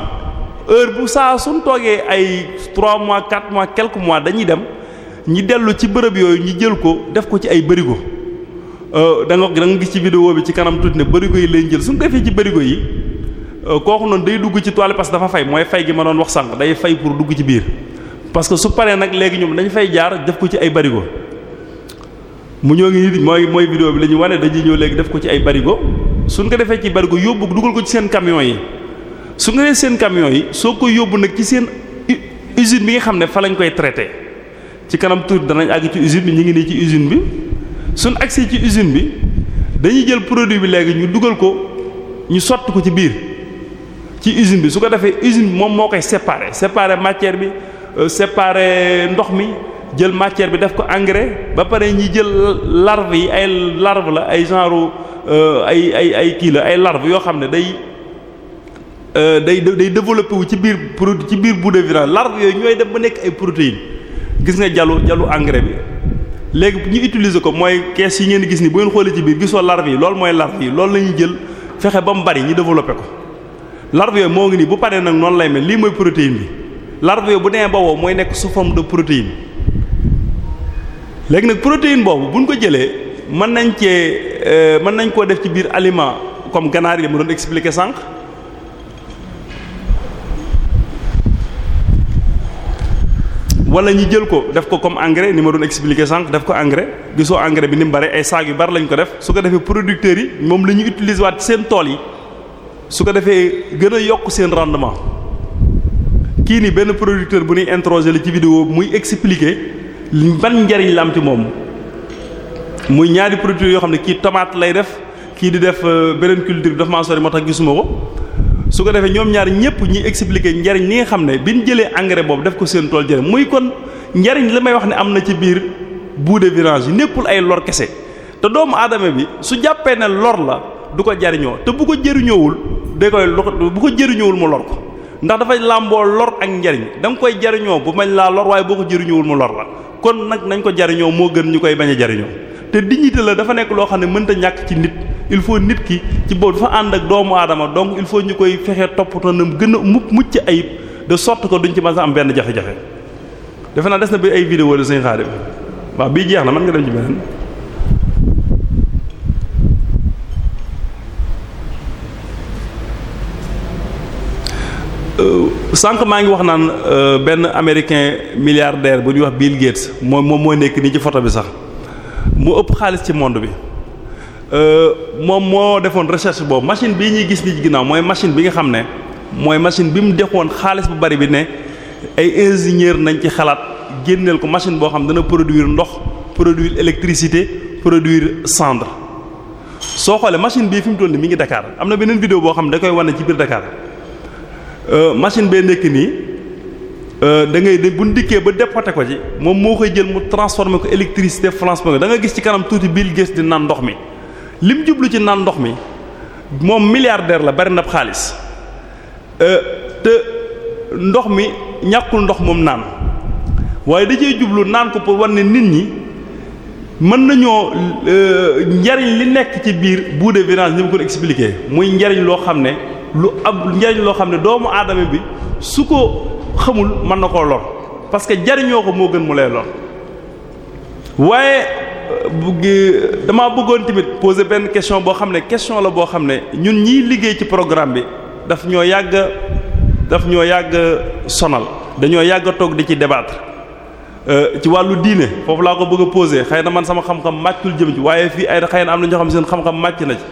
heure bu saa suñ toogee ay 3 mois 4 mois quelques mois dañuy dem ñi dellu ci bërëb yooyu ñi jël ko def ko ci ay bërigo euh, da nga da nga gis ci vidéo bi ci kanam tuuti ne bërigo yi lañ jël suñ defee ci bërigo yi euh, kooku noonu day dugg ci toile parce que dafa fay mooy fay gi ma doon wax sànq day fay pour dugg ci biir parce que su paree nag léegi ñoom dañ fay jaar def ko ci ay bërigo mu ñoo ngi nit mooy mooy bi la ñu wane dañuy ñëw léegi def ko ci ay bërigo suñ defee ci bërigo yóbbu dugal ko ci seen camion yi su nga nee seen camion yi soo ko yóbbu nag ci seen usine bi nga xam ne fa lañ koy traité ci kanam tuuti danañ àgg ci usine bi ñu ngi nii ci usine bi suñ agsi ci usine bi dañuy jël produit bi léegi ñu dugal ko ñu sotti ko ci biir ci usine bi su ko defee usine bi moom moo koy séparer séparer matière bi euh, séparer ndox mi jël matière bi def ko engrais ba pare ñi jël larve yi ay larve la ay genre euh, ay ay ay kii la ay larve yoo xam ne day euh, day day développé wu ci biir produit ci biir bu de vidange larve yooyu ñooy def ba nekk ay protéines gis nga jalu jalu engrais bi léegi ñu utiliser ko mooy kees yi ngeen gis ni bu ngeen xoolee ci biir gisoo larve yi loolu mooy larve yi loolu la jël fexe ba mu bari ñu développé ko larve yooyu moo ngi nii bu paree nag noonu lay mel lii mooy protéine bi larve yooyu bu demee ba wow mooy nekk su forme de protéine léegi nag protéine boobu buñ ko jëlee mën nañ cee euh, mën nañ koo def ci biir aliment comme ganaar yi mu doon expliquer sànq wala ñu jël ko def ko comme engrais ni ma doon expliquer sànq def ko engrais gisoo engrais bi ni mu ay saag yu bari lañ ko def su ko defee producteurs yi moom la ñu utiliser waat seen tool yi su ko defee gën a yokk seen rendement kii ni benn producteur bu ñuy introsé la ci vidéo muy expliquer ban njariñ la am moom muy ñaari producteurs yoo xam ne kii tomate lay def kii di def euh, beneen culture bi dafa maa sori moo tax gisuma ko su ko defee ñoom ñaar ñëpp ñuy expliquer njariñ li nga xam ne bi ñu jëlee engrais boobu def ko seen tool jëlee muy kon njariñ li may wax ne am na ci biir bout de vidange yi nekkul ay lor kese te doomu aadama bi su jàppee ne lor la du ko jariñoo te bu ko jëriñoowul da koy bu ko jëriñoowul mu lor ko ndax dafay làmboo lor ak njariñ da koy jariñoo bu mañ laa lor waaye boo ko jëriñoowul mu lor la kon nag nañ ko jariñoo moo gën ñu koy bañ a jariñoo te dignité la dafa nekk loo xam ne mënta ñàkk ci nit il faut nit ki ci boobu dafa ànd ak doomu aadama donc il faut ñu koy fexe toppatoo na mu gën a mu mucc ayib de sorte que duñ ci mën a am benn jafe-jafe. defe naa des na bi ay vidéo la sëñ waa bii jeex na mën nga dem ci beneen. Euh, sanq maa ngi wax naan euh, benn américain milliardaire bu ñuy wax Bill Gates moom moom moo nekk nii ci photo bi sax moo ëpp xaalis ci monde bi. Euh, moom moo defoon recherche boobu machine bii ñuy gis ci ginnaaw mooy machine bi nga xam ne mooy machine bi mu defoon xaalis bu bari bi ne ay ingénieur nañ ci xalaat génneel ko machine boo xam dana produire ndox produire électricité produire cendre soo xoolee machine bii fi mu toll nii mi ngi Dakar am na beneen vidéo boo xam ne da koy wane ci biir Dakar euh, machine bee nekk nii euh, da ngay de bu ñu dikkee ba dépoté ko ci moom moo koy jël mu transformé ko électricité France da nga gis ci kanam tuuti Bill Gates di naan ndox mi. lim jublu ci naan ndox mi moom milliardaire la bari na xaalis euh, te ndox mi ñàkkul ndox moom naan waaye da cee jublu naan ko pour wan ne nit ñi mën nañoo euh, njariñ li nekk ci biir bout de vidange mu ko expliquer muy njariñ loo xam ne lu ab njariñ loo xam ne doomu aadama bi su ko xamul mën na koo lor parce que jariñoo ko moo gën mu lay lor waaye bugg damaa bëggoon tamit poser benn question boo xam ne question la boo xam ne ñun ñiy liggéey ci programme bi daf ñoo yàgg daf ñoo yàgg sonal dañoo yàgg a toog di ci débattre euh, ci wàllu diine foofu laa ko bëgg a poser xëy na man sama xam-xam màccul jëm ci waaye fii ay xëy na am na ñoo xam seen xam-xam màcc na ci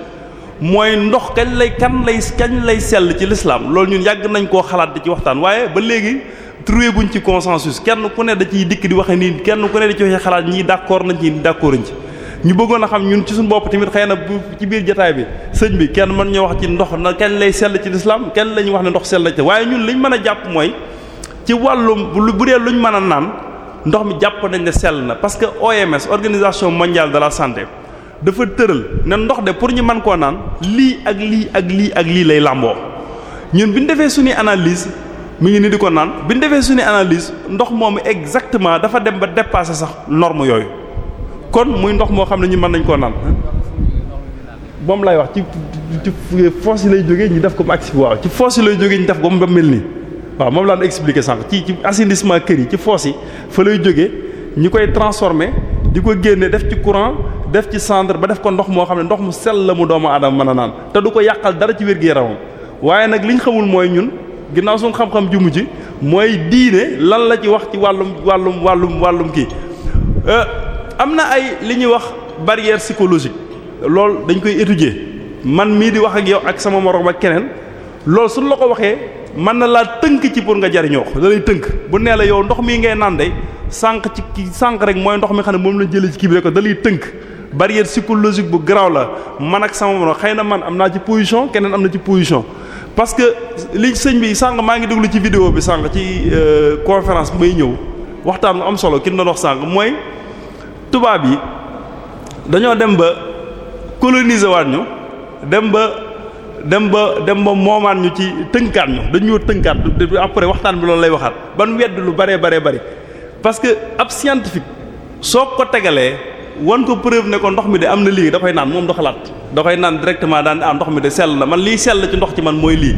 mooy ndox kañ lay kan lay kañ lay sell ci lislaam loolu ñun yàgg nañ koo xalaat di ci waxtaan waaye ba léegi. trouvé guñ ci consensus kenn ku ne da ciy dikk di waxe nii kenn ku ne da ci waxe xalaat ñii d'accord nañ ci ci ñu bëggoon a xam ñun ci suñu bopp tamit xëy na bu ci biir jotaay bi sëñ bi kenn mën ñoo wax ci ndox na kenn lay sell ci lislaam kenn lañu wax ne ndox sell la ci waaye ñun liñ mën a jàpp mooy ci wàllum bu dee luñ mën a naan ndox mi jàpp nañ ne sell na parce que OMS organisation mondiale de la santé dafa tëral ne ndox de pour ñu mën koo naan lii ak lii ak lii ak lii lay làmboo ñun suñuy analyse mi ngi ni di ko naan bi ñu defee suñu analyse ndox moom exactement dafa dem ba dépasser sax norme yooyu kon muy ndox moo xam ne ñu mën nañ koo naan moom lay wax ci ci foos yi lay jógee ñu def ko ba agsi waaw ci foos yi lay jóge ñu def ko mu ba mel nii waaw moom laa expliquer sànq ci ci assainissement kër yi ci foos yi fa lay jógee ñi koy transformer di ko génne def ci courant def ci centre ba def ko ndox moo xam ne ndox mu sell la mu doomu aadama mën a naan te du ko yàqal dara ci wér-gu-yaramam waaye nag xamul mooy ñun. ginnaaw suñu xam-xam ju ji mooy diine lan la ci wax ci wàllum wàllum wàllum wàllum kii euh, am na ay li ñuy wax barrière psychologique loolu dañ koy étudier man mii di wax ak yow ak sama moroom ak keneen lool suñ la ko waxee mën na laa tënk ci pour nga jariñoo ko da lay tënk bu nee la yow ndox mii ngay naan de sànq ci ki sànq rek mooy ndox mi xam ne moom la jëlee ci kii bi rek da tënk barrière psychologique bu garaaw la man ak sama moroom xëy na man am naa ci position keneen am na ci position parce que li sëñ bi sànq maa ngi déglu ci vidéo bi sàng ci euh, conférence bi may ñëw waxtaan bu am solo ki doon wax sànq mooy tubaab yi dañoo dem ba coloniser waat ñu dem ba dem ba dem ba moomaat ñu ci tënkaat ñu dañoo tënkaat après waxtaan bi loolu lay waxaat ban wedd lu bare bare bari parce que ab scientifique soo ko tegalee. wan ko preuve ne ko ndox mi de am na léegi dafay naan moom du xalaat da naan directement daan ah ndox mi de sell na man lii sell ci ndox ci man mooy lii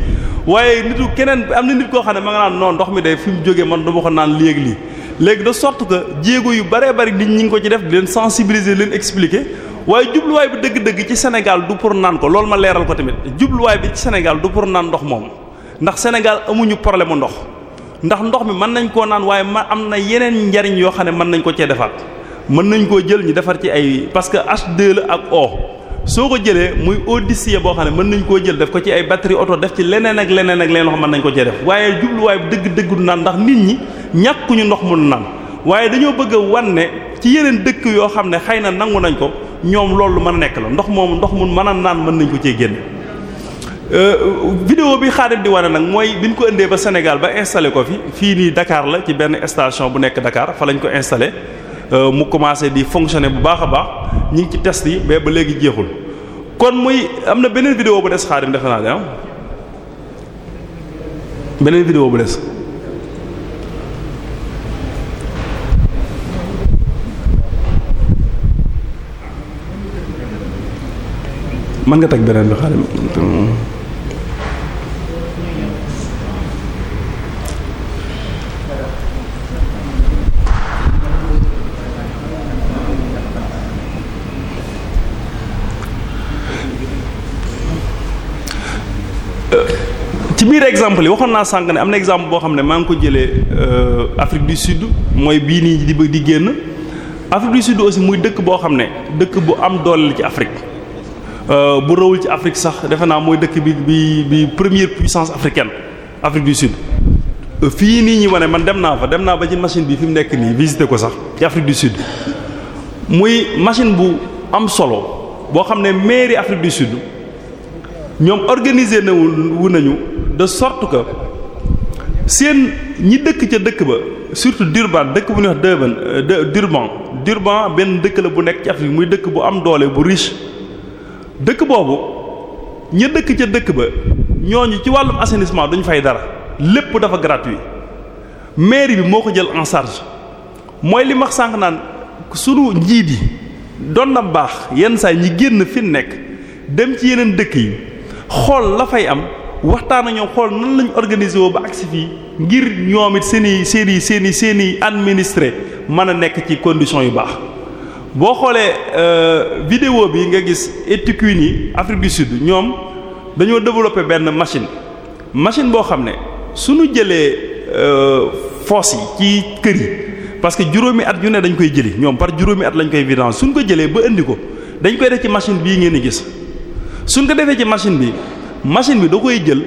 waaye nitu keneen bi am na nit koo xam ne ma nga naan non ndox mi day fi mu jógee man du ma ko naan lii ak lii léegi da sorte que jéego yu baree bari nit ñi ngi ko ci def di leen sensibiliser leen expliquer waaye jubluwaay bi dëgg-dëgg ci Sénégal du pour naan ko loolu ma leeral ko tamit jubluwaay bi ci Sénégal du pour naan ndox moom ndax Sénégal amuñu problème ndox ndax ndox mi mën nañ koo naan waaye ma am na yeneen njariñ yoo xam ne mën nañ ko cee defaat mën nañ koo jël ñu defar ci ay parce que H2 la ak O soo ko jëlee muy eau de boo xam ne mën nañ koo jël def ko ci ay batterie oto def ci leneen ak leneen ak leneen loo mën nañ ko cee def waaye jubluwaay bu dëgg dëggu naan ndax nit ñi ñàkkuñu ndox mun naan waaye dañoo bëgg a wan ne ci yeneen dëkk yoo xam ne xëy na nangu nañ ko ñoom loolu mën a nekk la ndox moom ndox mun mën a naan mën nañ ko cee génn euh, video bi xaarit di wane nag mooy bi ñu ko indee ba Sénégal ba installé ko fi fii nii Dakar la ci benn station bu nekk Dakar fa lañ ko installé Euh, mu commencé di fonctionner bu baax a baax ñu ci test yi mais ba léegi jeexul kon muy am na beneen vidéo bu des xaarim defe naa de ah beneen vidéo bu des. mën nga teg beneen bi xaarim. ci biir exemple yi waxoon naa sànq ne am na exemple boo xam ne maa ngi ko jëlee euh, Afrique du Sud mooy bii nii di di génn Afrique du Sud aussi muy dëkk boo xam ne dëkk bu am doole ci Afrique euh, bu rëwul ci Afrique sax defe naa mooy dëkk bi bi bi première puissance africaine Afrique du Sud euh, fii nii ñi ma ne man dem naa fa dem naa ba ci machine bi fi mu nekk nii visité ko sax ci Afrique du Sud muy machine bu am solo boo xam ne mairie Afrique du Sud. ñoom organiser na wu nañu de sorte que seen ñi dëkk ca dëkk ba surtout Durban dëkk bu ñuy wax Durban euh, Durban Durban benn dëkk la bu nekk ci Afrique muy dëkk bu am doole bu riche dëkk boobu ña dëkk ca dëkk ba ñooñu ci wàllum assainissement duñ fay dara lépp dafa gratuit mairie bi moo ko jël en charge mooy li max sànq naan sunu njiit yi doon na baax yenn saa ñi génn fi nekk dem ci yeneen dëkk yi. xool la fay am waxtaan nañoo xool nan lañu organiser woo ba agsi fii ngir ñoom it seeni seeni seeni seeni administré mën a nekk ci conditions yu baax boo xoolee euh, vidéo bi nga gis étiquine yi Afrique du Sud ñoom dañoo développé benn machine machine boo xam ne suñu jëlee euh, fosse yi ci kër yi parce que juróomi at yu ne dañ koy jëli ñoom par juróomi at lañ koy vidange suñ ko jëlee ba indi ko dañ koy def ci machine bii ngeen di gis suñ ko defee ci machine bi machine bi da koy jël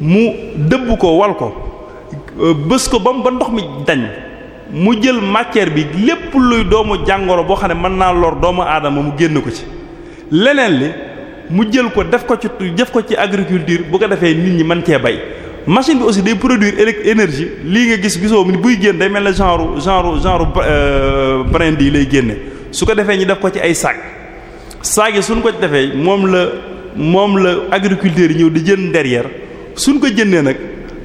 mu dëbb ko wal ko euh, bés ko ba mu ba ndox mi dañ mu jël matière bi lépp luy doomu jàngoro boo xam ne mën naa lor doomu aadama mu génn ko ci leneen li mu jël ko def ko ci def ko ci agriculture bu ko defee nit ñi mën cee bay machine bi aussi day produire énergie lii nga gis gisoo ni buy génn day mel ne genre genre genre euh, brindilles yi lay génne su ko defee ñu def ko ci ay sac saagi suñ ko defee moom la moom la agriculteurs yi ñëw di jënd derrière suñ ko jëndee nag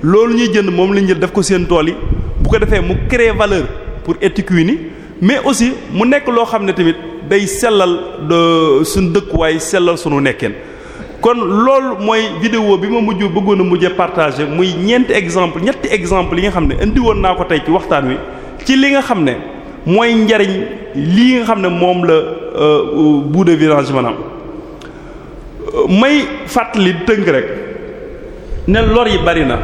loolu ñuy jënd moom lañ jël def ko seen tool yi bu ko defee mu créer valeur pour étiquette ni mais aussi mu nekk loo xam ne tamit day sellal de suñ dëkkuwaay sellal sunu nekkeen kon loolu mooy vidéo bi ma mujj bëggoon a mujjee partagé muy ñeenti exemple ñetti exemple yi nga xam ne indi woon naa ko tey ci waxtaan wi ci li nga xam ne mooy njariñ lii nga xam ne moom la euh, euh, bout de virage maanaam euh, may fàttali tënk rek ne lor yi bari na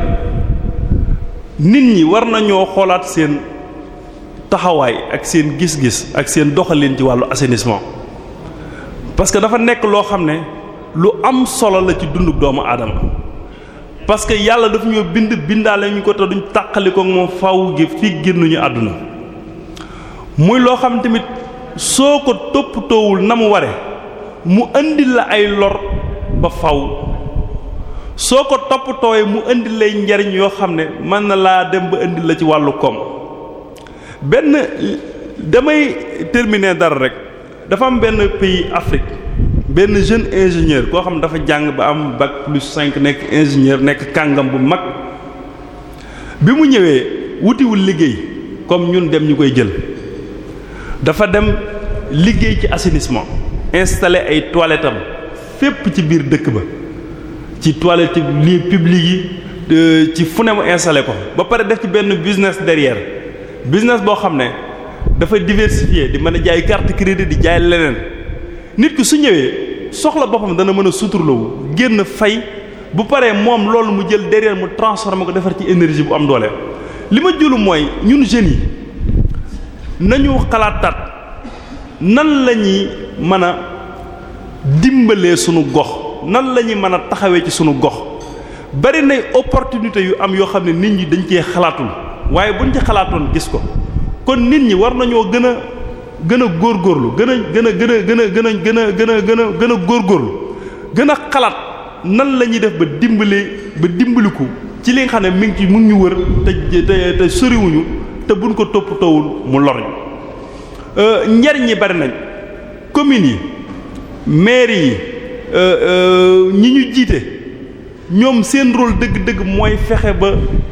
nit ñi war nañoo xoolaat seen taxawaay ak seen gis-gis ak seen doxalin ci wàllu assainissement parce que dafa nekk loo xam ne lu am solo la ci dundu doomu aadama parce que yàlla dafa ñoo bind bindaale ñu ko te duñ tàqali ko moom faw gi fi génnuñu àdduna muy loo xam tamit soo ko toppatoowul na mu ware mu indil la ay lor ba faw soo ko toppatooyee mu indil lay njariñ yoo xam ne mën na laa dem ba indi la ci wàllu koom benn damay terminer dara rek dafa am benn pays Afrique benn jeune ingénieur koo xam dafa jàng ba am bac plus nekk ingénieur nekk kàngam bu mag bi mu ñëwee wutiwul liggéey comme ñun dem ñu koy jël dafa dem liggéey ci assainissement installé ay toilettes am fépp ci biir dëkk ba ci toilette ci lieux publics yi ci fu mu installé ko ba pare def ci benn business derrière business boo xam ne dafa diversifié di mën a jaay carte crédit di jaay leneen nit ki su ñëwee soxla boppam dana mën a suturlawu génn fay bu paree moom loolu mu jël derrière mu transformé ko defar ci énergie bu am doole li ma jëlu mooy ñun jeunes yi. nañu xalaataat nan la ñuy mën a dimbalee sunu gox nan la ñuy mën a taxawee ci sunu gox bari nay opportunité yu am yoo xam ne nit ñi dañ cee xalaatul waaye buñ ci xalaatoon gis ko kon nit ñi war nañoo gën a gën a góorgóorlu gën a gën a gën a gën a gën a gën a gën a gën a gën a góorgóorlu gën a xalaat nan la ñuy def ba dimbalee ba dimbaliku ci li nga xam ne mi ngi ci mu ngi ñu wër te te te soriwuñu te buñ ko toppatoowul mu lor ñu euh, njariñ yi bari nañ communes yi maires yi euh, euh, ñi ñu jiite ñoom seen rôle dëgg-dëgg mooy fexe ba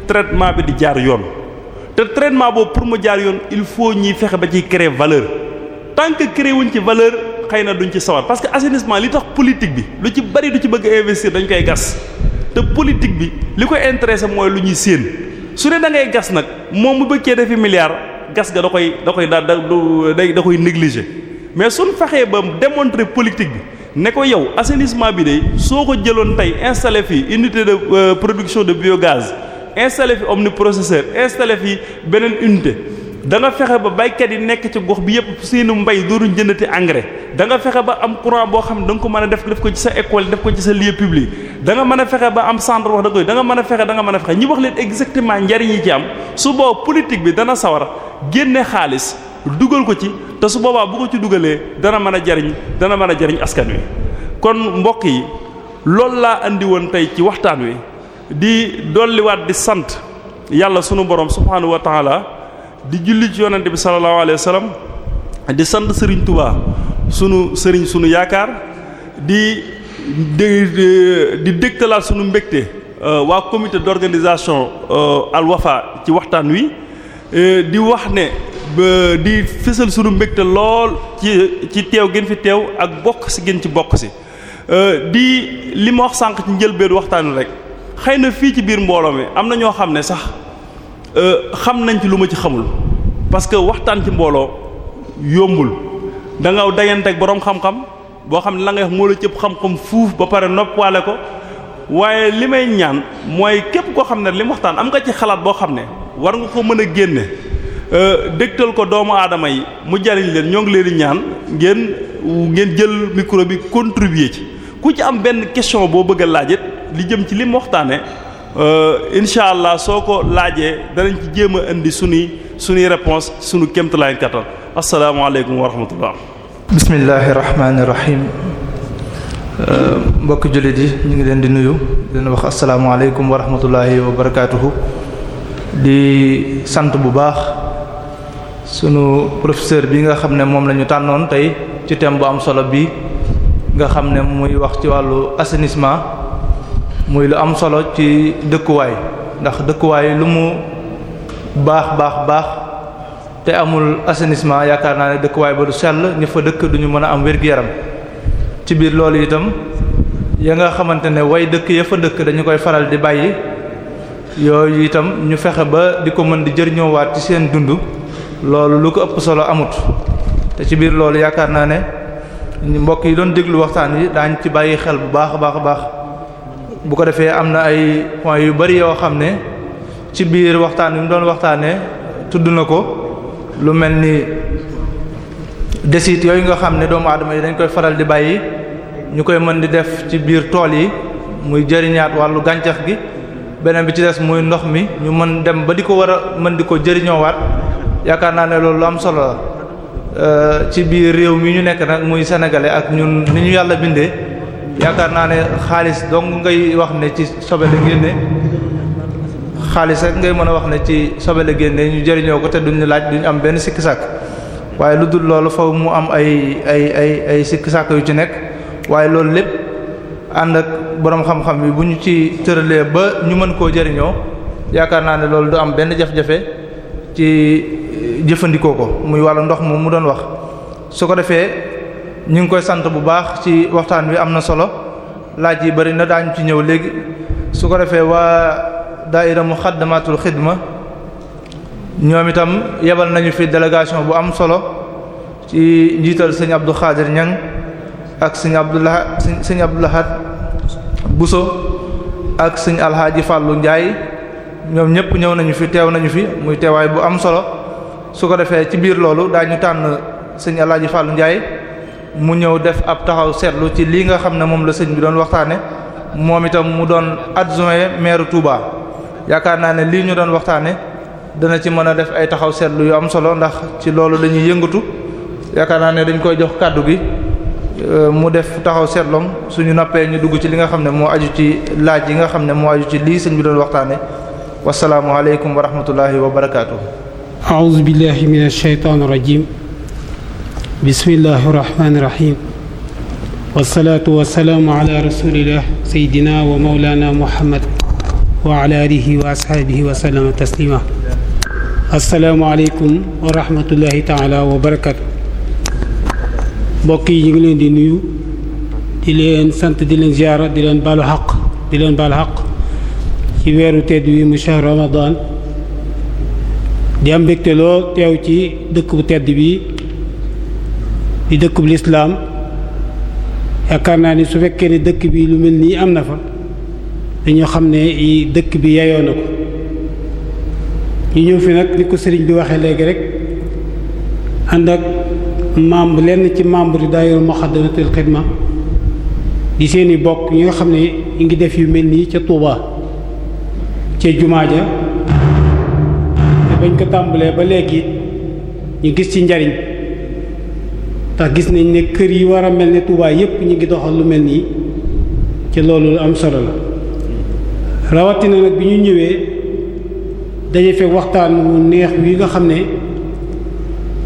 traitement bi di jaar yoon te traitement boobu pour mu jaar yoon il faut ñuy fexe ba ciy créer valeur tant que créer wuñ ci valeur xëy na duñ ci sawar parce que assainissement li tax politique bi lu ci bari du ci bëgg investir dañ koy gas te politique bi li ko intéressé mooy lu ñuy séen su dee da ngay gas nag moom bu bëggee defi milliard gas ga da koy da koy da da da koy négliger mais suñ faxee ba démontrer politique bi ne ko yow assainissement bi dey soo ko jëloon tey installé fii unité de euh, production de biogaz installé fi omniprocesseur installé fi beneen unité. danga fexe ba baykat yi nekk ci gox bi yëpp seenu mbay dooruñ jëndati engrais danga fexe ba am courant boo xam ne danga ko mën a def def ko ci sa école def ko ci sa lieu public da mën a fexe ba am centre wax da koy da mën a fexe da nga mën a fexe ñi wax leen exactement njariñ yi ci am su booba politique bi dana sawar génne xaalis dugal ko ci te su boobaa bu ko ci dugalee dana mën a jariñ dana mën a jariñ askan wi kon mbokk yi loolu laa indi woon tey ci waxtaan wi di dolliwaat di sant yàlla sunu borom subhaanahu wa taala di julli ci yonent bi sallallahu alayhi wa di sant Serigne Touba sunu sëriñ sunu yaakaar di di dégtalaat sunu mbégte euh, waa comité d'organisation euh, Al Wafa ci waxtaan wi euh, di wax ne di fësal sunu mbégte lool ci ci teew gën fi teew ak bokk si gën ci bokk si di li ma wax sànq ci njëlbeen waxtaan wi rek xëy na fii ci biir mbooloo mi am na ñoo xam ne sax. Euh, xam nañ ci lu ma ci xamul parce que waxtaan ci mbooloo yombul da nga dayanteeg boroom xam-xam boo xam ne la ngay wax moo la cëpp xam-xam fuuf ba pare noppaale ko waaye li may ñaan mooy képp koo xam ne li mu waxtaan am nga ci xalaat boo xam ne war nga ko mën a génne euh, dégtal ko doomu aadama yi mu jariñ leen ñoo ngi leen di ñaan ngeen ngeen jël micro bi ci ku ci am benn question boo bëgga a laaj li jëm ci li mu waxtaanee. Euh, incha allah soo ko laajee danañ ci jéem a indi sunuy sunuy réponse sunu kéemtalaay kattan asalaamaaleykum wa rahmatullah. bismillahi rahmaani rahim euh, mbokk jullit yi ñu ngi leen di nuyu di wax asalaamaaleykum wa rahmatullahi wa barakaatuhu di sant bu baax sunu professeur bi nga xam ne moom la ñu tànnoon tey ci thème bu am solo bi nga xam ne muy wax ci wàllu assainissement. muy lu am solo ci dëkkuwaay ndax dëkkuwaay lu mu baax baax baax te amul assainissement yaakaar naa ne dëkkuwaay ba du sell ñu fa dëkk duñu mën a am wér yaram ci biir loolu itam ya nga xamante ne way dëkk ya fa dëkk dañu koy faral di bàyyi yooyu itam ñu fexe ba di ko mën di jëriñoowaat ci seen dund loolu lu ko ëpp solo amut te ci biir loolu yaakaar naa ne mbokk yi doon déglu waxtaan yi daañ ci bàyyi xel bu baax a baax a baax bu ko defee am na ay points yu bari yoo xam ne ci biir waxtaan wi mu doon waxtaanee tudd na ko lu mel ni desit yooyu nga xam ne doomu aadama yi dañ koy faral di bàyyi ñu koy mën di def ci biir tool yi muy jëriñaat wàllu gàncax gi beneen bi ci des muy ndox mi ñu mën dem ba di ko war a mën di ko jëriñoowaat yaakaar naa ne loolu lu am solo la euh, ci biir réew mi ñu nekk nag muy sénégalais ak ñun ni ñu yàlla bindee. yaakaar naa ne xaalis dong ngay wax ne ci sobe la génne xaalis rek ngay mën a wax ne ci sobe la génne ñu jariñoo ko te duñu laaj duñu am benn sikki sàkk waaye lu dul loolu faw mu am ay ay ay ay sikki yu ci nekk waaye loolu lépp ànd ak boroom xam-xam yi bu ñu ci tëralee ba ñu mën koo jëriñoo yaakaar naa ne loolu du am benn jafe-jafe ci jëfandikoo ko muy wàllu ndox moom mu doon wax su ko defee ñu ngi koy sant bu baax ci waxtaan wi am na solo laaj yi bari na daañu ci ñëw léegi su ko defee waa daaira Muxaddamatul Xidma ñoom itam yebal nañu fi délégation bu am solo ci njiital sëñ Abdou Khadir Niang ak sëñ Abdoulah sëñ buso ak sëñ Alhaaji Fàllu Njaay ñoom ñëpp ñëw nañu fi teew nañu fi muy teewaay bu am solo su ko defee ci biir loolu daañu tànn sëñ Alhaaji Fàllu Njaay mu ñëw def ab taxaw seetlu ci lii nga xam ne moom la sëñ bi doon waxtaane moom itam mu doon adjoint maire Touba yaakaar naa ne lii ñu doon waxtaane dana ci mën a def ay taxaw seetlu yu am solo ndax ci loolu la ñuy yëngatu yaakaar naa ne dañ koy jox kàddu gi euh, mu def taxaw seetloom suñu noppee ñu dugg ci li nga xam ne moo aju ci laaj yi nga xam ne moo aju ci lii sëñ bi doon waxtaane wasalaamualeykum wa rahmatullahi wa barakaatu. a'uuzu billahi minash shaytaani bismillah irrahmani irahim wasalaatu wasalaamu ala rasulillah seydina wa maulana muhammad wa ala alihi wa ashaabihi wa sallama taslima asalaamualeykum wa rahmatullahi taala wa barakatu mbokk yi ñu ngi leen di nuyu di leen sant di leen ziara di leen baalu xaq di leen baalu xaq ci weeru tedd wi mu shahr ramadan di am mbégte loo teew ci dëkk bu tedd bi di dëkkub lislaam yaakaar naa ni su fekkee ne dëkk bi lu mel nii am na fa dañoo xam ne dëkk bi yayoo na ko ñu ñëw fi nag ni ko sëriñ bi waxee léegi rek ànd ak membre lenn ci membre yu daayiru Moukhaddamatoul Khidma di seeni bokk ñi nga xam ne ñu ngi def yu mel nii ca Touba ca jumaa ja te bañ ko tàmbalee ba léegi ñu gis ci njariñ ndax gis nañ ne kër yi war a mel ne Touba yépp ñu ngi doxal lu mel nii ci loolu lu am solo la rawatina nag bi ñuy ñëwee dañu fekk waxtaan wu neex wi nga xam ne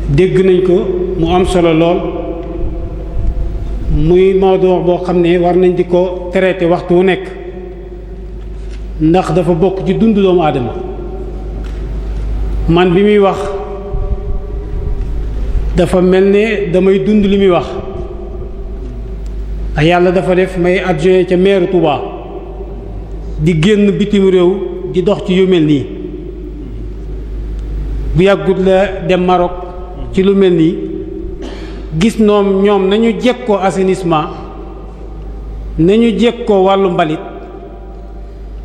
dégg nañ ko mu am solo lool muy mawduu boo xam ne war nañ di ko traité waxtu wu nekk ndax dafa bokk ci dund doomu aadama man bi muy wax dafa mel ne damay dund li muy wax ndax yàlla dafa def may adjoint ca meeru Touba di génn bitim réew di dox ci yu mel nii bu yàggut la dem marok ci lu mel nii gis noom ñoom nañu jekkoo assainissement nañu jekkoo wàllu mbalit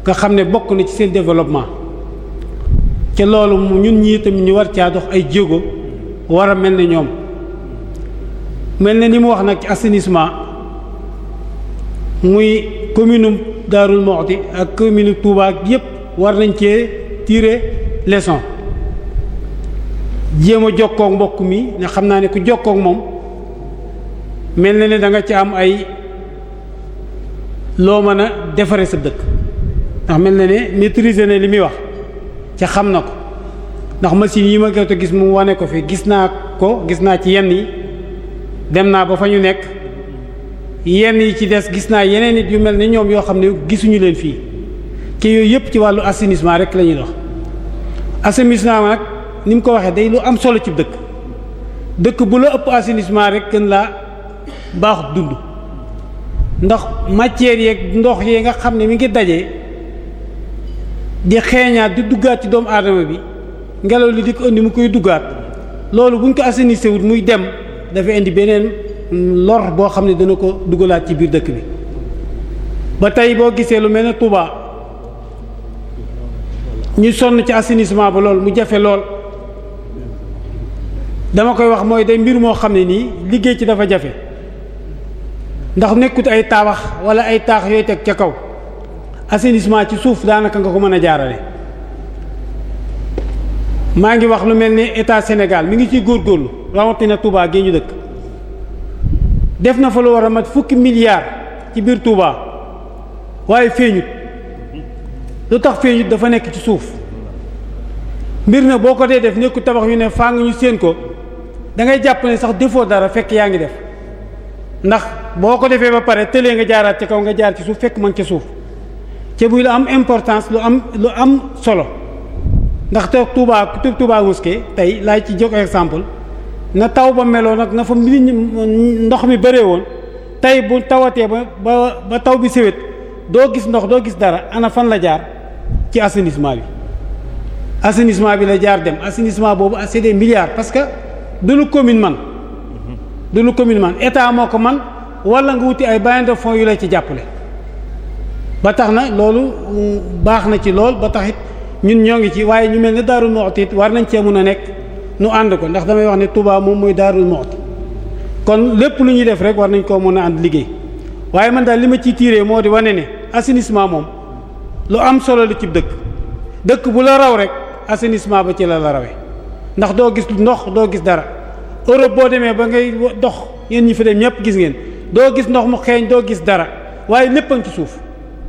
nga xam ne bokk na ci seen développement ca loolu ñun ñii tamit ñu war caa dox ay jéego war a mel na ñoom mel na ni mu wax nag ci assainissement muy commune Darou Moukhty ak commune Touba ak yépp war nañ cee tirer leçon jéem a jokkoog mbokk mi ne xam naa ne ku jokkook moom mel na ne da nga ci am ay loo mën a defaree sa dëkk ndax mel na ne maîtriser na li muy wax ca xam na ko ndax machines yi ma jot gis mu wane ko fi gis naa ko gis naa ci yenn yi dem naa ba fa ñu nekk yenn yi ci des gis naa yeneen nit yu mel ni ñoom yoo xam ne gisuñu leen fii ci yooyu yëpp ci wàllu assainissement rek la ñuy dox assainissement nag ni mu ko waxee day lu am solo ci dëkk dëkk bu la ëpp assainissement rek gën laa baaxut dund ndax matière yeeg ndox yee nga xam ne mi ngi daje di xeeñaat di duggaat ci doomu aadama bi ngelaw li di ko indi mu koy duggaat loolu buñ ko assainissé wut muy dem dafa indi beneen lor boo xam ne dana ko dugalaat ci biir dëkk bi ba tey boo gisee lu mel ne Touba ñu sonn ci assainissement ba lool mu jafe lool dama koy wax mooy day mbir moo xam ne nii liggéey ci dafa jafe ndax nekkut ay tabax wala ay taax yooyu teg ca kaw assainissement ci suuf daanaka nga ko mën a jaarale maa ngi wax lu mel ni état Sénégal mi ngi ci góor góorlu góorgóorlu na Touba gi ñu dëkk def na fa lu war a mat fukki milliards ci biir Touba waaye feeñut lu tax feeñut dafa nekk ci suuf mbir na boo ko dee def nekku tabax yu ne faa ñu séen ko dangay ngay jàpp ne sax defoo dara fekk yaa ngi def ndax boo ko defee ba pare tëlee nga jaaraat ci kaw nga jaar ci suuf fekk man ca suuf ca buy la am importance lu am lu am solo ndax te Touba te Touba mosquée tey laay ci jóg exemple na taw ba meloon ak na fa mbir ndox mi bëree woon tey bu tawatee ba ba ba taw bi siwét doo gis ndox doo gis dara ana fan la jaar ci assainissement bi assainissement bi la jaar dem assainissement boobu c'est des milliards parce que du lu commune man du lu commune man état moo ko man wala nga wuti ay bailleurs de yu lay ci jàppale ba tax na loolu mm, baax na ci lool ba taxit ñun ñoo ngi ci waaye ñu mel ne Daarul Muxti it war nañ cee mun a nekk nu ànd ko ndax damay wax ne Touba moom mooy Daarul Muxti kon lépp lu ñuy def rek war nañ ko mën a ànd liggéey waaye man daal li ma ciy tiiree moo di wane ne assainissement moom lu am solo la cib dëkk dëkk bu la raw rek assainissement ba ci la la rawee ndax doo gis ndox doo gis dara Europe boo demee ba ngay dox ngeen ñi fi dem ñëpp gis ngeen doo gis ndox mu xeeñ doo gis dara waaye lépp a ci suuf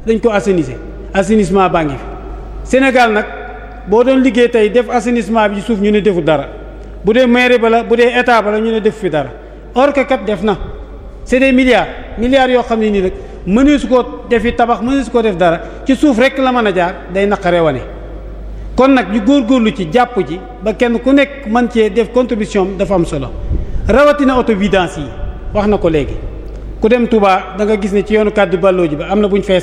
dañ ko assainir assainissement baa Sénégal nag boo doon liggéey tey def assainissement bi ci suuf ñu ne defu dara bu dee mairie ba la bu dee état ba la ñu ne def fi dara or que kat def na c'est des milliards milliards yoo xam ne nii nag mëneesu koo defi tabax mëneesu koo def dara ci suuf rek la mën a jaar day naqare wane. kon nag ñu góor góorgóorlu ci jàpp ji ba kenn ku nekk mën cee def contribution dafa am solo rawatina auto vidange yi wax na ko léegi ku dem Touba da nga gis ne ci yoonu kàddu balloo ji ba am na bu ñu fa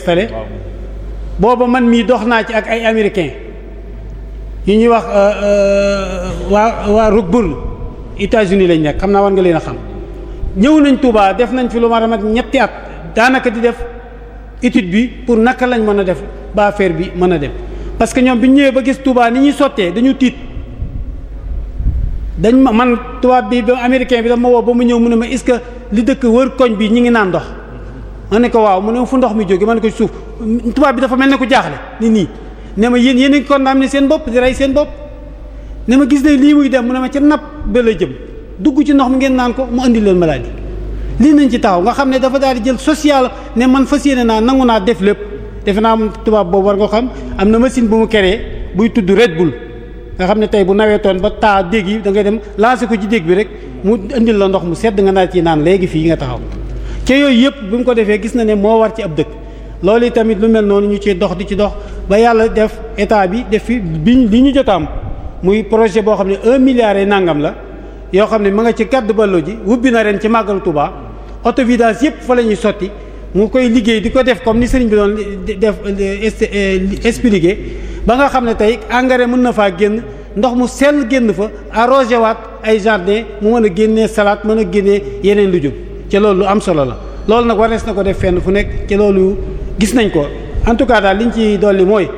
booba man mii dox naa ci ak ay américain yi ñuy wax euh, euh, waa waa Rockburn États-Unis lañ nekk xam naa war nga leen a xam ñëw nañ Touba def nañ fi lu ma ak ñetti at daanaka di def étude bi pour naka lañ mën a def ba affaire bi mën a dem parce que ñoom bi ñu ñëwee ba gis Touba ni ñuy sottee dañu tiit dañ ma man tubaab bi ba américain bi dama woo ba mu ñëw mu ne ma est-ce que li dëkk wër koñ bi ñu ngi naan dox ma ne ko waaw mu ne fu ndox mi jóge ma ne ko suuf tubaab bi dafa mel ne ko jaaxle ni nii ne ma yéen yéen a ngi condamné seen bopp di rey seen bopp ne ma gis ne lii muy dem mu ne ma ca napp ba la jëm dugg ci ndox mi ngeen naan ko mu andi leen maladie lii nañ ci taxaw nga xam ne dafa daal di jël social ne man fa yéene naa nangu naa def lépp defe naa tubaab boobu war nga xam am na machine bu mu créé buy tudd Red bul nga xam ne tey bu nawetoon ba taa dégg da ngay dem lancer ko ci dégg bi rek mu indil la ndox mu sedd nga naa ci naan léegi fii nga taxaw ce yooyu yëpp bi mu ko defee gis na ne moo war ci ab dëkk loolu tamit lu mel noonu ñu ciy dox di ci dox ba yàlla def état bi def fi biñ li ñu jot am muy projet boo xam ne un milliard nangam la yoo xam ne ma nga ci kaddu ballo ji wubbi na ren ci màggalu Touba autovidage yëpp fa la ñuy sotti mu koy liggéey di ko def comme ni sëriñ bi doon def euh, expliqué ba nga xam ne tey engrais mën na faa génn ndox mu sell génn fa arrosé waat ay jardin mu mën a génnee salade mën a génnee yeneen lu jub ca loolu lu am solo la loolu nag warees na ko def fenn fu nekk ca loolu gis nañ ko en tout cas daal liñ ci dolli mooy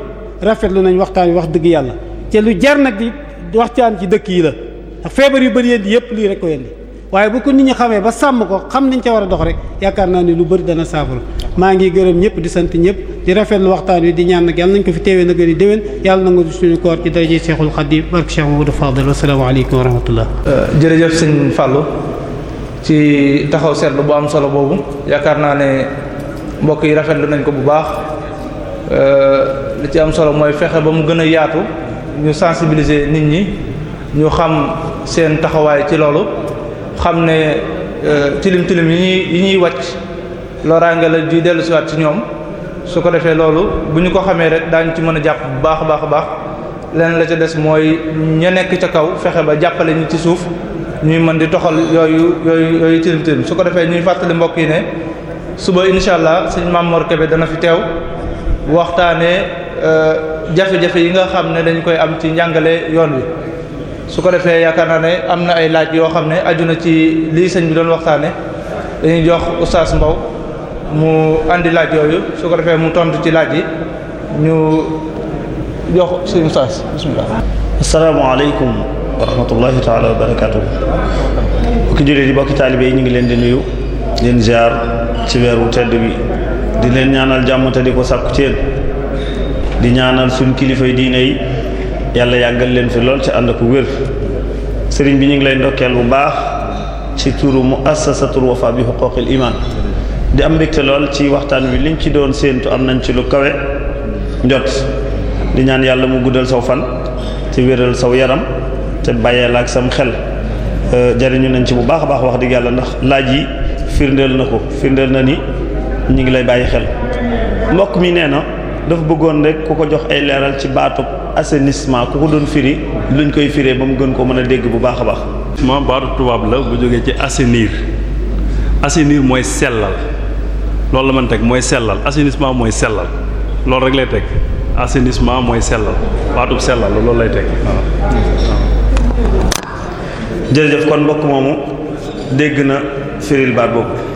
rafetlu nañ waxtaan wi wax dëgg yàlla ca lu jar nag di waxtaan ci dëkk yi la ndax feebar yu bëri yëndi yëpp lii rek ko yëndi waaye bu ko nit ñi xamee ba sàmm ko xam nañ ca war a dox rek yaakaar naa ni lu bëri dana saafara maa ngi gërëm ñëpp di sant ñëpp di rafetlu waxtaan wi di ñaan nag yàlla nañ ko fi teewee na gën a déwén yàlla na nga suñu koor ci daraje Cheikhul Khadim barke Cheikh Mamadou Fadel wasalaamaaleykum wa rahmatullah euh, jërëjëf sëñ ci taxaw seetlu bu am solo boobu yaakaar naa ne mbokk yi rafetlu nañ ko bu baax li ci am solo mooy fexe ba mu gën a yaatu ñu sensibiliser nit ñi ñu xam seen taxawaay ci loolu xam ne tilim tilim yi ñuy yi ñuy wàcc loraange la juy dellu siwaat ci ñoom su ko defee loolu bu ñu ko xamee rek daañu ci mën a jàpp bu baax a baax a baax leneen la ca des mooy ña nekk ca kaw fexe ba jàppale ñi ci suuf ñuy mën di toxal yooyu yooyu yooyu tilim tilim su ko defee ñuy fàttali mbokk yi ne suba incha allah sëñ Mamor Kébé dana fi teew waxtaanee euh, jafe-jafe yi nga xam ne dañ koy am ci njàngale yoon wi su ko defee yaakaar naa ne am na ay laaj yoo xam ne aju ci lii sëñ bi doon waxtaane dañuy jox oustaz Mbow mu andi laaj yooyu su ko defee mu tontu ci laaj yi ñu jox suñu oustaz bismillah asalaamaaleykum wa rahmatullahi taala wa barakaatu bokki jullit yi bokki taalibe yi ñu ngi leen di nuyu leen ziar ci weeru tedd bi di leen ñaanal jàmm te di ko sàkku ci di ñaanal suñ kilifa yi diine yi yàlla yàggal leen fi lool ci ànd ak wér sëriñ bi ñu ngi lay ndokkeel bu baax ci turu muassasatul wafa bi xuquqil iman di am mbégte lool ci waxtaan wi liñ ci doon séentu am nañ ci lu kawe njot di ñaan yàlla mu guddal saw fan te wéral saw yaram te bàyyee la ak sam xel euh, jariñu nañ ci bu baax a baax wax dëgg yàlla ndax laaj yi firndeel na ko firndeel na ni ñu ngi lay bàyyi xel mbokk mi nee na dafa bëggoon rek ku ko jox ay leeral ci baatu assainissement ku ko doon firi luñ koy firee ba mu gën ko mën a dégg bu baax a baax. ma baatu tubaab la bu jógee ci assainir assainir mooy sellal loolu la man teg mooy sellal assainissement mooy sellal loolu rek lay teg assainissement mooy sellal baatub sellal loolu lay teg jërëjëf kon mbokk moomu dégg na firil baat boobu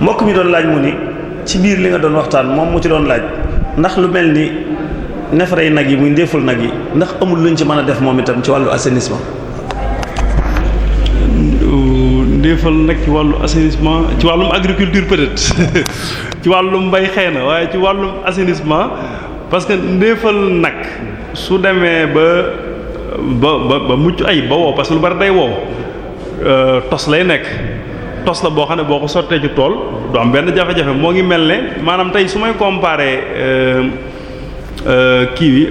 mbokk mi doon laaj mu ni ci biir li nga doon waxtaan moom mu ci doon laaj ndax lu mel ni neefare yi nag yi muy ndéeful nag yi ndax amul luñ ci mën a def moom itam ci wàllu assainissement. ndéefal nag ci wàllu assainissement ci wàllum agriculture peut-être ci wàllum mbay xëy na waaye ci wàllum assainissement parce que ndéefal nag su demee ba. ba ba ba mucc ay ba wow parce que lu bari day wow euh, tos lay nekk tos la boo xam ne boo ko sottee ci tool du benn jafe-jafe moo ngi mel ne maanaam tey su may comparer euh, euh, kii bi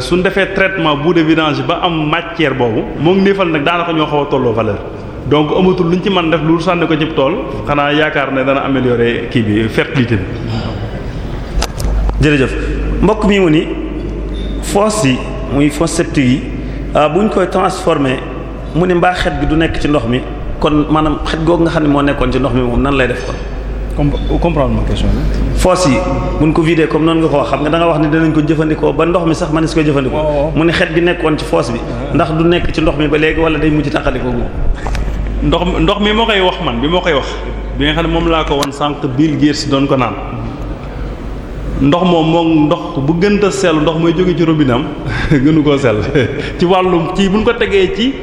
suñ defee traitement boue de vidange ba am matière boobu moo ngi néefal nag daanaka ñoo xaw a tolloo valeur donc amatul luñ ci man def lu sànni ko ci tool xanaa yaakaar ne dana améliorer kii bi fertilité bi. mbokk mi mu ni foos yi muy foos septique yi. Euh, bu ñu koy transformé mu ne mbaax xet gi du nekk ci ndox mi kon maanaam xet googu nga xam ne moo nekkoon ci ndox mi moom nan lay def kon. comprendre foos yi buñ ko vidé comme noonu nga ko wax xam nga da wax ne danañ ko jëfandikoo ba ndox mi sax man si ko jëfandikoo. Oh, oh. mu ne xet gi nekkoon ci foos bi. Uh-huh. ndax du nekk ci ndox mi ba léegi wala day mujj tàqalikoo moom. ndox ndox mi moo koy wax man bi moo koy wax bi nga xam ne moom laa ko won sànq Bill si doon ko naan. ndox moom moom ndox bu gënta sell ndox mooy jóge ci robinet gënu koo sell ci wàllum ci buñ ko tegee ci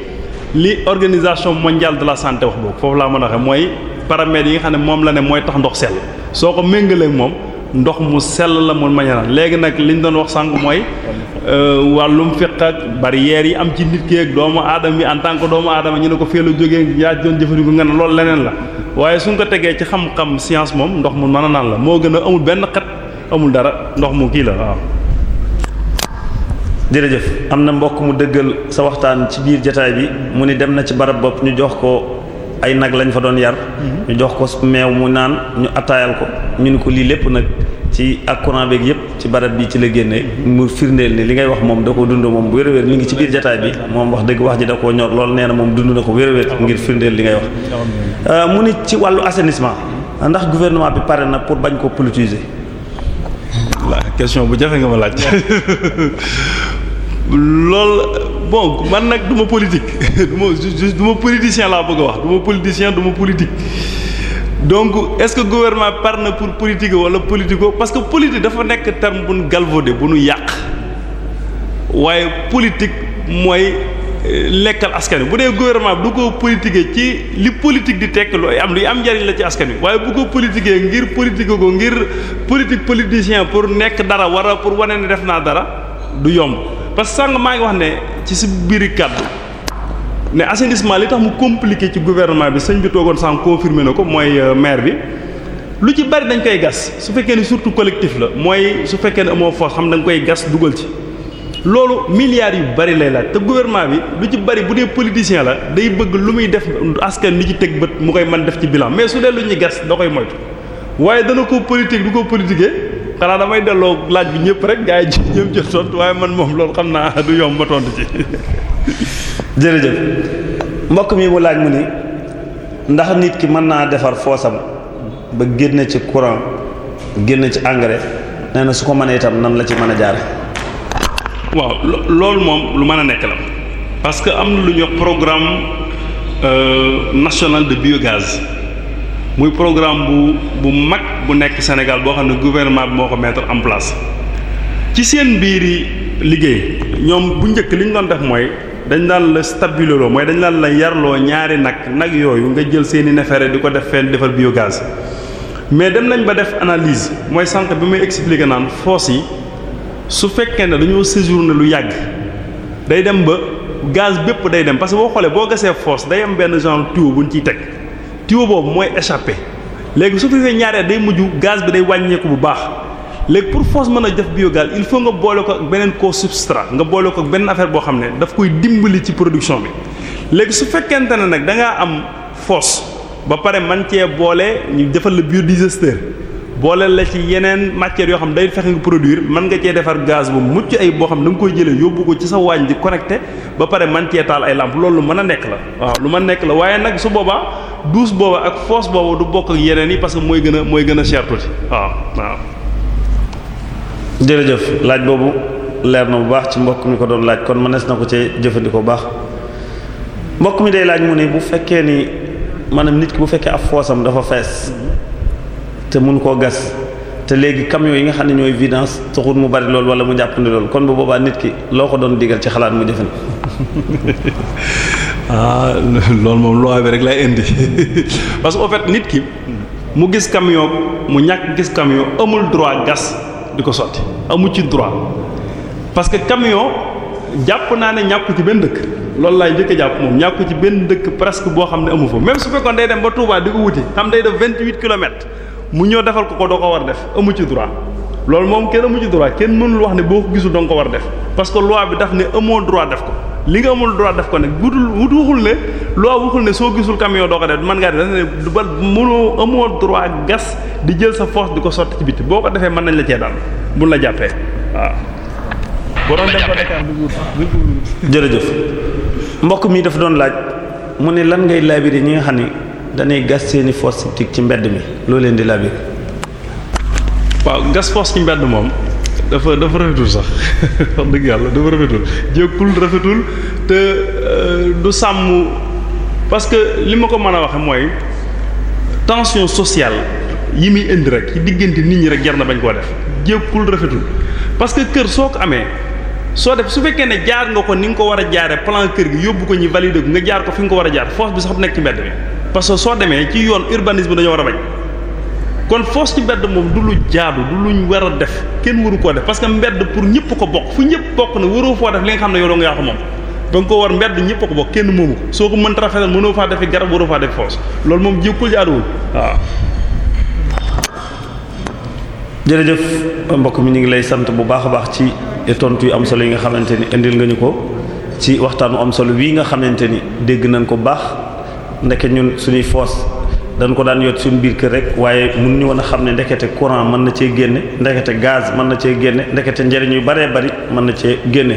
li organisation mondiale de la sante wax boobu foofu laa mën a waxee mooy paramètres yi nga xam ne moom la ne mooy tax ndox sell soo ko méngalee moom ndox mu sell la mun ma léegi nag li ñu doon wax sànq mooy euh, wàllum fiq ak barrières yi am ci nit ki ak doomu aadama bi en tant que doomu aadama ñu ne ko fee la jógee yaa doon jëfandikoo nga ne loolu leneen la waaye suñ ko tegee ci xam-xam moom ndox mu mën a naan la moo gën a amul benn xet amul dara ndox mu kii la waaw am na mbokk mu dëggal sa waxtaan ci biir jataay bi mu ni dem na ci barab bopp ñu jox ko ay nag lañ fa doon yar mhm. ñu jox ko meew mu naan ñu attaayal ko ñu ni ko lii lépp nag ci ak courant beeg yëpp ci barab bi ci la génne mu firndeel ni li ngay wax moom da ko dund moom bu wér-wér mi ngi ci biir jataay bi moom wax dëgg wax ji da koo ñor lool nee na moom dund na ko wér-wér ngir firndeel li ngay wax euh, mu ni ci wàllu assainissement bi pare na pour bañ ko politiser waa question bu jafe nga ma laaj. loolu bon man nag du ma politique du ma du ma politicien laa bëgg a wax du ma politicien du ma politique donc est-ce que gouvernement par na pour politique wala politico parce que politique dafa nekk terme bu nu galvaudé bu nu yàq waaye politique mooy. lekkal askan bi bu dee gouvernement bi du ko politiquer ci li politique di tekk lu am luy am njariñ la ci askan bi waaye bu ko politiquer ngir politique ko ngir politique politicien pour nekk dara a pour wane ne def naa dara du yomb parce que sànq maa ngi wax ne ci si biir kàddu ne assainissement li tax mu compliqué ci gouvernement bi sëñ bi toogoon sànq confirmé na ko mooy euh, maire bi lu ci bari dañ koy gas su fekkee ni surtout collectif la mooy su fekkee ne amoo foo xam da koy gas dugal ci loolu milliards yu bari lay laaj te gouvernement bi lu ci bari bu dee politicien la day bëgg lu muy def askan li ci teg bët mu koy man def ci bilan mais su dee lu gas da koy moytu waaye dana ko politique du ko politiquer xanaa damay delloo laaj bi ñëpp rek gars yi jëm ci tontu waaye man moom loolu xam naa du yomb ma tontu ci. jërëjëf mbokk mi mu laaj mu ni ndax nit ki mën naa defar foosam ba génn ci courant génn ci engrais nee na su ko mënee itam nan la ci mën a jaare waaw loolu moom lu mën a nekk la parce que am na lu ñuy wax programme euh, national de biogaz muy programme bu bu mag bu nekk Sénégal boo xam ne gouvernement bi moo ko mettre en place ci seen biir yi liggéey ñoom bu njëkk li ñu doon def mooy dañ daan la stabileloo mooy dañ daan la yarloo ñaari nag nag yooyu nga jël seeni neefere di ko def fenn defar biogaz mais dem nañ ba def analyse mooy sànq bi muy expliquer naan foos yi su fekkee ne dañoo séjourné lu yàgg day dem ba gaz bépp day dem parce que boo xoolee boo gasee foos day am benn genre tuyau bu ñu ciy teg tuyau boobu mooy échappé léegi su fekkee ñaaree day mujj gaz bi day wàññeeku bu baax léegi pour force mën a def biogaz il faut nga boole ko ak beneen ko substrat nga boole ko ak benn affaire boo xam ne dafa koy dimbali ci production bi léegi su fekkente ne nag da ngaa am force ba pare man cee boole ñu defal le biodigesteur booleel la ci yeneen matières yoo xam day fexe nga produir mën nga cee defar gaz bu mucc ay boo xam da nga koy jëlee yóbbu ko ci sa waañ di connecté ba pare man cee taal ay lampe loolu lu mën a nekk la waaw lu ma nekk la waaye nag su boobaa douche booba ak fosse booba du bokk yeneen yi parce que mooy gën a mooy gën a cher tuuti waaw waaw. jërëjëf laaj boobu leer na bu baax ci mbokk mi ko doon laaj kon mënees na ko cee jëfandikoo bu baax mbokk mi dey laaj mu ne bu fekkee ni maanaam nit ki bu fekkee ab foosam dafa fees. Mhm. te mun koo gas te léegi camions yi nga xam ne ñooy vidange taxul mu bari lool wala mu jàpp ne lool kon bu boobaa nit ki loo ko doon digal ci xalaat mu jëfen ah loolu moom loi bi rek lay indi parce que en nit ki mu gis camion mu ñàkk gis camion amul droit gas di ko sotti amul ci droit parce que camion jàpp naa ne ñàkku ci benn dëkk loolu laay njëkk jàpp moom ñàkku ci benn dëkk presque boo xam ne amu fa même su fekkoon day dem ba Touba di ko wuti xam day def vingt-huit kilomètres mu ñëw defal ko ko doo ko war def amu ci droit loolu moom kenn amu ci droit kenn mënul wax ne boo ko gisul danga ko war def parce que loi bi daf ne amoo droit def ko li nga amul droit def ko nag wutul wut waxul ne loi waxul ne soo gisul camion doo ko def mën ngaa def ne du ba mënoo amoo droit gas di jël sa force di ko sotti ci biti boo ko defee mën nañ la cee daal buñ la jàppee waaw. boo doon def ko Dakar jërëjëf mbokk mi daf doon laaj mu ne lan ngay laabiri ñi nga xam ni dañuy gas seeni fosse septique ci mbedd mi loo leen di laaj. waaw gas fosse ci mbedd moom dafa dafa rafetul sax wax dëgg yàlla dafa rafetul jékkul rafetul te euh, du sàmm parce que li ma ko mën a waxe mooy tension sociale yi muy indi rek ci diggante nit ñi rek jar na bañ koo def jékkul rafetul parce que kër soo ko amee. soo def su fekkee ne jaar nga ko ni nga ko war a jaare plan kër gi yóbbu ko ñi valider ko nga jaar ko fi nga ko war a jaar force bi sax nekk ci mbedd bi parce que soo demee ci yoon urbanisme dañoo war a bañ kon foos ci mbedd moom du lu jaadu du luñ war a def kenn waru koo def parce que mbedd pour ñëpp ko bokk fu ñëpp bokk na waroo foo def li nga xam ne yow doo nga yaa ko moom ba nga ko war mbedd ñëpp ko bokk kenn moomu ko soo ko mënta rafetal mënoo faa defi garab waroo faa def foos loolu moom jékkul jaaduwul waaw jërëjëf mbokk mi ñu ngi lay sant bu baax a baax ci tontu yi am solo yi nga xamante ni indil nga ñu ko ci waxtaanu am solo bii nga xamante ni dégg nañ ko baax ndeke ñun suñuy foos dañ ko daan yot suñu biir kër rek waaye mun ñu woon a xam ne ndekete courant mën na cee génne ndekete gaz mën na cee génne ndekete njëriñ yu baree bari mën na cee génne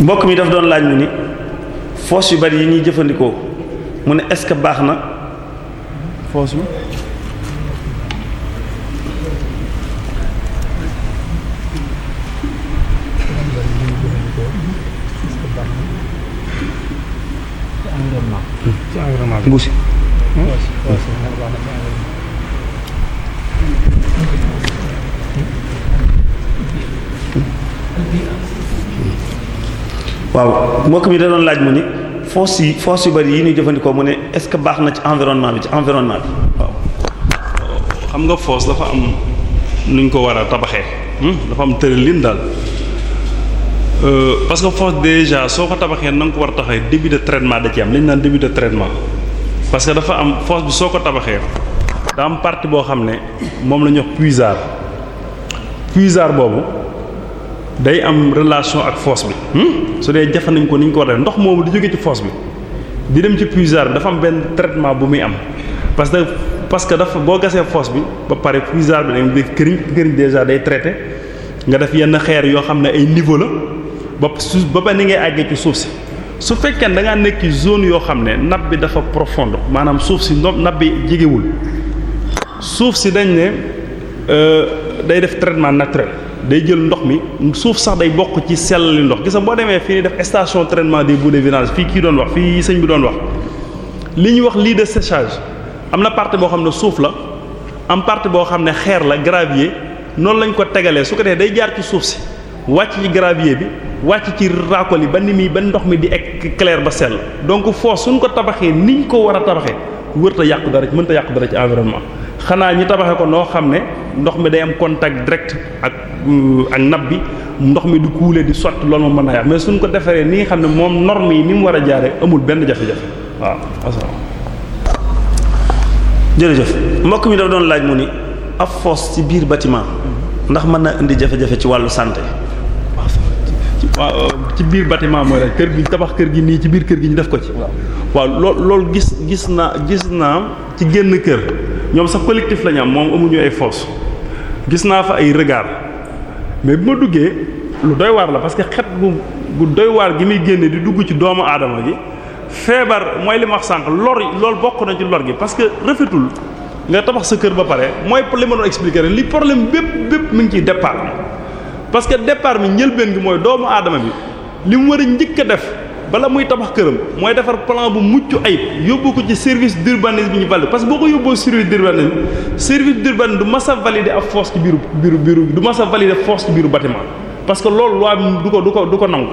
mbokk mi daf doon laaj mu ni foos yu bari yi ñuy jëfandikoo mu ne est-ce que baax na foos mi mbuusi waaw mbokk mi da doon laaj mu ni foos yi foos yu bari yi ñuy jëfandikoo mu ne est-ce que baax na ci environnement bi ci environnement bi xam nga foos dafa am nuñ ko war a tabaxee hmm? dafa am tërëlin daal euh, parce que foos déjà soo ko tabaxee na ko war a taxee début de traitement da ci am li naan début de traitement parce que dafa am fosse bi soo ko tabaxee da am partie boo xam ne moom la ñuy wax puisard puisard boobu day am relation ak fosse bi hmm? su dee jafe nañ ko ni ñu ko war ndox moomu di jóge ci fosse bi di dem ci puisar bi dafa am benn traitement bu muy am parce que parce que dafa boo gasee fosse bi ba pare puisard bi bii këriñ këriñ déjà day traité nga def yenn xeer yoo xam ne ay niveau la ba suuf ba ba ni ngay àggee ci suuf si. su fekkee da ngaa nekk zone yoo xam ne nappe bi dafa profonde maanaam suuf si nappe bi jegewul suuf si dañ ne euh, day def traitement naturel day jël ndox mi suuf sax day bokk ci sellali ndox gis nga boo demee fii ni def station traitement des boues de vidange fii kii doon wax fii sëñ bi doon wax li ñuy wax lii de séchage am na partie boo xam ne suuf la am partie boo xam ne xeer la gravier noonu lañ ko tegalee su ko dee day jaar ci suuf si wàcc ci gravier bi wàcc ci raakol yi ba ni muy ba ndox mi di ek clair ba sell donc foos suñ ko tabaxee niñ ko war a tabaxee wërta yàqu dara mënta yàqu dara ci environnement xanaa ñi tabaxee ko noo xam ne ndox mi day am contact direct ak euh, ak nab bi ndox mi di kuulee di sotti loolu moom mën naa yàq mais suñ ko defaree ni nga xam ne moom norme yi ni mu war a jaare amul benn jafe-jafe waaw asalaam jërëjëf mbokk mi dafa doon laaj mu ni ab foos ci biir bâtiment ndax mën na indi jafe ci wàllu santé waaw ci biir bâtiment mooy rek kër gi tabax kër gi nii ci biir kër gi ñu def ko ci. waaw lool loolu gis gis naa gis naa ci génn kër ñoom sax collectif lañu am moom amuñu ay force gis naa fa ay regard mais bu ma duggee lu doy waar la parce que xet bu bu doy waar gi muy génne di dugg ci doomu aadama gi feebar mooy li ma wax sànq lor lool bokk na ci lor gi parce que rafetul nga tabax sa kër ba pare mooy li ma doon expliquer li problème bépp bépp mu ngi ciy départ. parce que départ bi njëlbeen gi mooy doomu aadama bi li mu war a njëkk a def bala muy tabax këram mooy defar plan bu mucc ayib yóbbu ko ci service d'urbanisme bi ñu valide parce que boo ko yóbboo service d'urbanisme service d'urbanisme du mas a valider ab force ci biiru biiru biiru du mas a valider force ci biiru bâtiment parce que loolu loi bi du ko du ko du ko nangu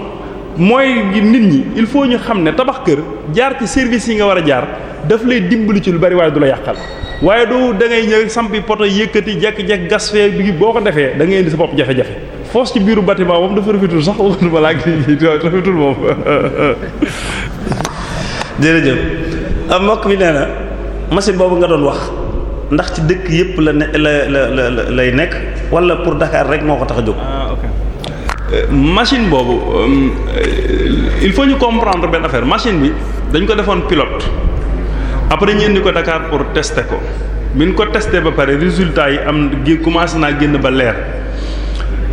mooy nit ñi il faut ñu xam ne tabax kër jaar ci service yi nga war a jaar daf lay dimbali ci lu bari waaye du la yàqal waaye du da ngay ñëw sampi poto yëkkati jekk-jekk gas fee boo ko defee da ngay indi sa bopp foos ci biiru bâtiment moom dafa rafetul sax waxatuma laa ngi rafetul moom jërëjëf euh, mbokk bi nee machine boobu nga doon wax ndax ci dëkk yépp la ne nekk wala pour dakaar rek moo ko tax a jóg. Ah, euh, machine boobu euh, il faut ñu comprendre benn affaire machine bi dañ ko defoon pilot après ñu indi ko Dakar pour tester ko bi ñu ko tester ba pare résultat yi am gi commencé naa génn ba leer.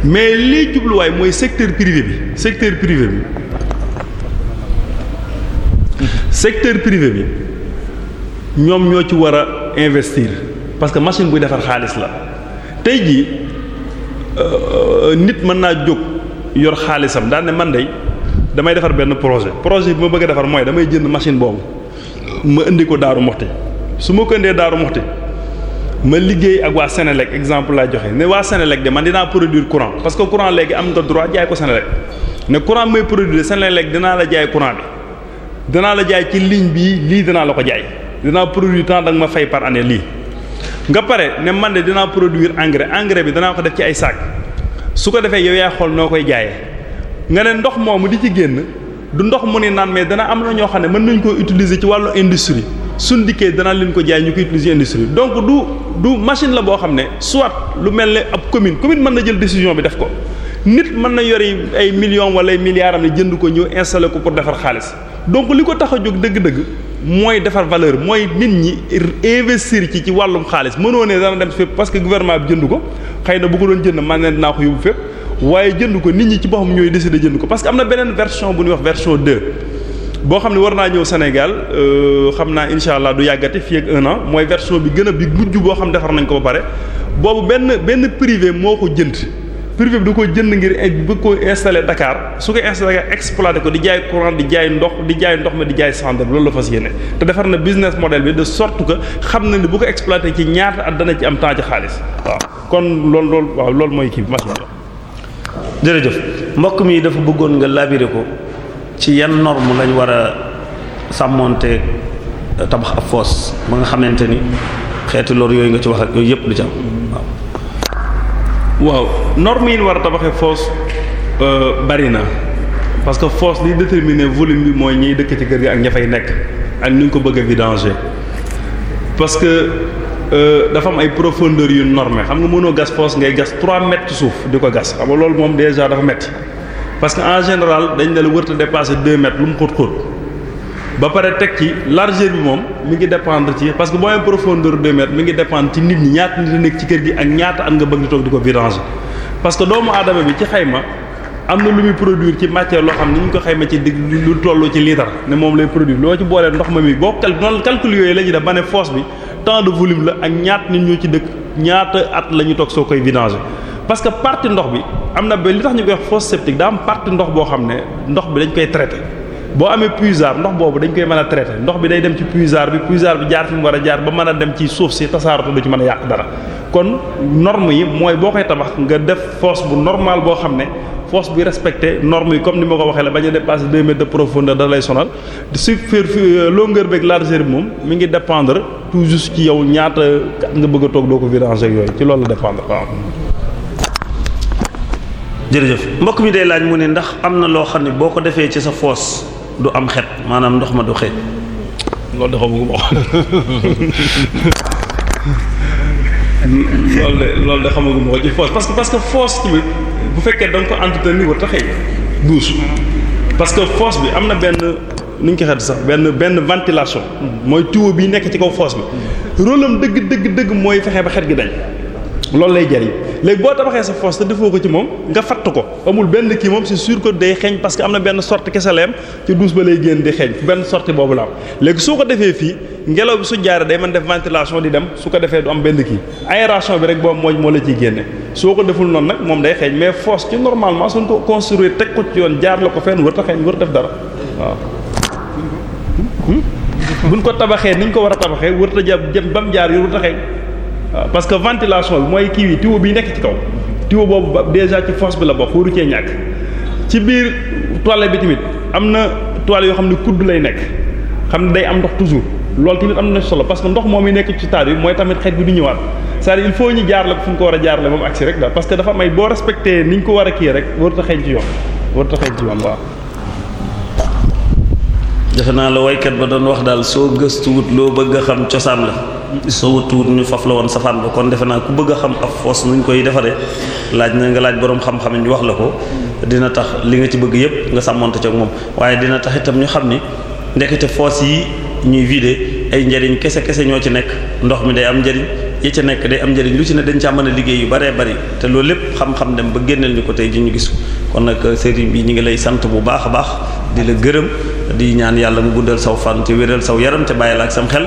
mais lii jubluwaay mooy secteur privé bi secteur privé bi secteur privé bi ñoom ñoo ci war a investir parce que machine buy defar xaalis la tey jii euh, nit mën naa jóg yor xaalisam daal ne man de damay defar benn projet projet bi ma bëgg a defar mooy damay jënd machine boobu ma indi ko Daaru Muxti su ma ko indee Daaru Muxti ma liggéey ak waa Senelec exemple laa joxe ne waa Senelec de man dinaa produire courant parce que courant léegi am nga droit jaay ko Senelec ne courant mooy produire Senelec dinaa la jaay courant bi dinaa la jaay ci ligne bii lii dinaa la ko jaay dinaa produire tant da ma fay par année lii. nga pare ne man de dinaa produire engrais engrais bi danaa ko def ci ay saak su ko defee yow yaa xool noo koy jaaye nga ne ndox moomu di ci génn du ndox mu ni naan mais dana am ñoo xam ne mën nañ koo utiliser ci wàllu industrie. suñ dikkee danaa leen ko jaay ñu koy utiliser industrie donc du du machine la boo xam ne soit lu mel ne ab commune commune mën na jël décision bi def ko nit mën na yori ay millions wala ay milliards ne jënd ko ñëw installé ko pour defar xaalis donc li ko tax a jóg dëgg-dëgg mooy defar valeur mooy nit ñi investir ci ci wàllum xaalis mënoo ne dana dem fépp parce que gouvernement bi jënd ko xëy na bu ko doon jënd man ne dinaa ko yóbbu fépp waaye jënd ko nit ñi ci boppam ñooy décider ko parce que beneen version bu ñuy boo xam ne war naa ñëw Sénégal euh, xam naa incha allah du yàggate fii ak un an mooy version bi gën a bi mujj boo xam defar nañ ko ba pare boobu benn benn privé moo ko jënd privé bi du ko jënd ngir bëgg ko installé Dakar su ko installé exploité ko di jaay courant di jaay ndox di jaay ndox ma di jaay centre loolu la fas yéene te defar na business model bi de sorte que xam na ne bu ko exploité ci ñaata at dana ci am temps ci xaalis waaw kon loolu loo loolu mooy kii bi macha allah. jërëjëf mbokk mi dafa bëggoon nga labiré ko. ci yan norme lañu war a sàmmonte tabax ak foos ba nga xamante ni xeeti lor yooyu nga ci wax ak yooyu yëpp du ci am waaw. norme yi ñu war a tabaxee foos euh, bari na parce que foos li déterminer volume bi mooy ñiy dëkk ci kër gi ak ña fay nekk ak ni ñu ko bëgg a vidanger parce que euh, dafa am ay profondeur yu normé xam nga mënoo gas foos ngay gas 3 mètres suuf di ko gas xam nga loolu moom déjà dafa métti. parce que en général dañ ne la wërta dépasser deux mètres lu mu xóot xóot ba pare teg ci largeur bi moom mu ngi dépendre ci parce que boo amee profondeur deux mètres mi ngi dépendre ci nit ñi ñaata nit a nekk ci kër gi ak ñaata at nga bëgg di toog di ko viranger parce que doomu aadama bi ci xayma am na lu muy produire ci matière loo xam ni ñu ko xayma ci dig lu toll ci litre ne moom lay produire loo ci boolee ndox ma mi boo cal noonu calcul yooyu la ñuy ba ne force bi temps de volume ak ñaata nit ñoo ci dëkk ñaata at la ñu toog soo koy vidanger parce que partie ndox bi am na ba li tax ñu koy wax fosse septique daa am partie ndox boo xam ne ndox bi dañ koy traité boo amee puisard ndox boobu dañ koy mën a traité ndox bi day dem ci puisard bi puisard bi jaar fi mu war a jaar ba mën a dem ci suuf si tasaaratu du ci mën a yàq dara kon norme yi mooy boo koy tabax nga def fosse bu normal boo xam ne fosse bi respecté norme yi comme ni ma ko waxee la bañ a dépasser deux mètres de profondeur da lay sonal surface euh, longueur beeg largeur bi moom mi ngi dépendre toujours ci yow ñaata nga bëgg toog doo ko viranger yooyu ci loolu la dépendre waaw jërëjëf mbokk mi day laaj mu ne ndax am na loo xam ne boo ko defee ci sa foos du am xet maanaam ndox ma du xeeñ loolu dafa bëgg wax loolu de loolu de xamaguma ko ci foos parce que parce que foos tamit bu fekkee da nga ko entretenir war taxee douche parce que foos bi am na benn nu ko xet sax benn benn ventilation mm. mooy tuyau bi nekk ci kaw foos bi mm. rôle dëgg dëgg dëgg mooy fexe ba xet gi dañ loolu lay jariñ léegi boo tabaxee sa fosse te defoo ko ci moom nga fatt ko amul benn kii moom c'est sur ko day xeeñ parce que am na benn sorte kese la am ci douche ba lay génn di xeeñ benn sorte boobu la am léegi soo ko defee fii ngelaw bi su jaaree day man def ventilation di dem su ko defee du am benn kii aération bi rek boobu mooy moo la ciy génne soo ko deful noonu nag moom day xeeñ mais fosse ci normalement suñ ko construire teg ko ci yoon jaar la ko fenn wër ta xeeñ wër def dara waaw hmm? Hmm? Hmm? buñ ko tabaxee niñ ko war a tabaxee wër ta jëm bam jaar yu wër ta waaw euh, parce que ventilation bi mooy kii wi tiw bi nekk ci kaw tuyau boobu ba déjà ci force bi la bokk waru cee ñàkk ci biir toilette bi tamit am na toilette yoo xam ne kudd lay nekk xam ne day am ndox toujours loolu tamit am na solo parce que ndox moom yi nekk ci taal bi mooy tamit xet bi du ñëwaat c'est-à-dire il faut ñu ko war a jaarale moom agsi rek daal parce que dafa may boo respecté ni ñu war a kii rek warut a xeeñ ci yoon warut a xeeñ ci yoon waaw. defe naa la waykat ba doon wax daal soo gëstu wut loo bëgg a xam cosaan la. soo wëttuwut ñu faf la woon safaan ba kon defe naa ku bëgg xam ab foos nuñ koy defaree laaj na nga laaj boroom xam-xam ñu wax la ko dina tax li nga ci bëgg yépp nga sàmmonte ci moom waaye dina tax itam ñu xam ni ndekete foos yi ñuy vider ay njariñ kese kese ñoo ci nekk ndox mi day am njariñ yi ca nekk day am njariñ lu ci ne dañ caa mën a liggéey yu baree bari te loolu lépp xam dem ba génneel ñu ko tey ji ñu gis ko kon nag euh, sëriñ bi ñu ngi lay sant bu baax a baax di la gërëm di ñaan yàlla mu guddal saw fan te wéral saw yaram te bàyyi la ak sam xel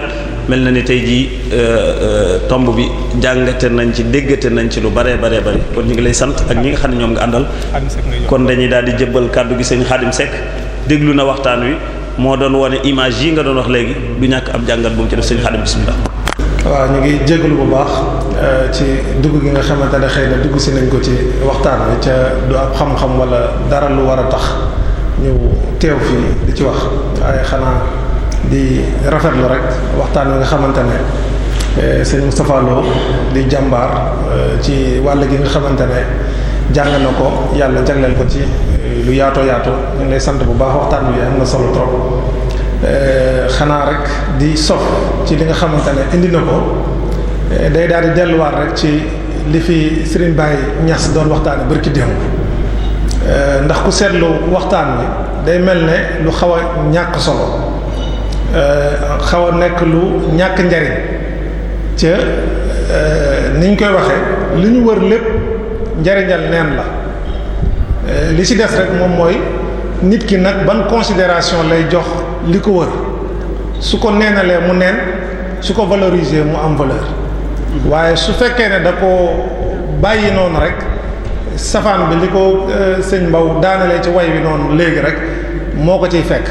mel na ni tey jii euh, euh, tomb bi jàngate nañ ci déggate nañ ci lu baree baree bari kon ñu ngi lay sant ak ñi nga xam ne ñoom nga àndal. kon dañuy daal di jëbbal kàddu gi sëñ Xaadim Seck déglu na waxtaan wi moo doon wane image yi nga doon wax léegi du ñàkk ab jàngat bu mu ci def sëñ Xaadim bismillah. waaw ñu ngi jégalu bu baax euh, ci dugg gi nga xamante ne xëy na dugg si nañ ko ci waxtaan wi ca du ab xam-xam wala dara lu war a tax ñu teew fii di ci wax waaye di rafetlu rek waxtaan wi nga xamante ne eh, sëñ Moustapha di jàmbaar eh, ci wàll gi nga xamante ne jàng na ko yàlla jagleel ko ci eh, lu yaatoo yaatu ñu lay sant bu baax waxtaan wi am na solo trop xanaa rek di sof li nga xamante ne indi na ko. day daal di delluwaat rek ci li fi Serigne Baye Niass doon waxtaan waxtaane bërki démb ndax ku seetlu waxtaan bi day mel ne lu xaw a ñàkk solo Euh, xaw a nekk lu ñàkk njariñ ca euh, niñ koy waxee li ñu wër lépp njariñal neen la euh, li ci des rek moom mooy nit ki nag ban considération lay jox li ko wër su ko neenalee mu neen su ko valoriser mu am valeur waaye su fekkee ne da ko bàyyi noonu rek safaan bi li ko sëñ Mbaw daanalee ci way wi noonu léegi rek moo ko ciy fekk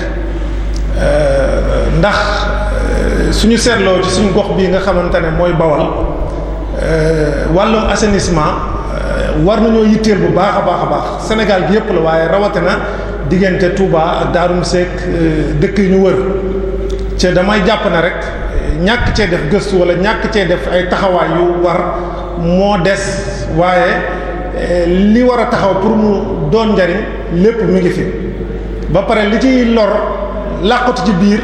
ndax euh, suñu seetloo ci suñu gox bii nga xamante ne mooy bawal euh, wàllum assainissement euh, war nañoo yitteel bu baax a baax a baax Sénégal bi yëpp la waaye rawatina diggante Touba ak Darou Moukhty dëkk yu ñu wër te damay jàpp na rek ñàkk cee def gëstu wala ñàkk cee def ay taxawaay yu war moo des waaye li war a taxaw pour mu doon njariñ lépp mu ngi fi ba pare li ciy lor làqatu ci biir.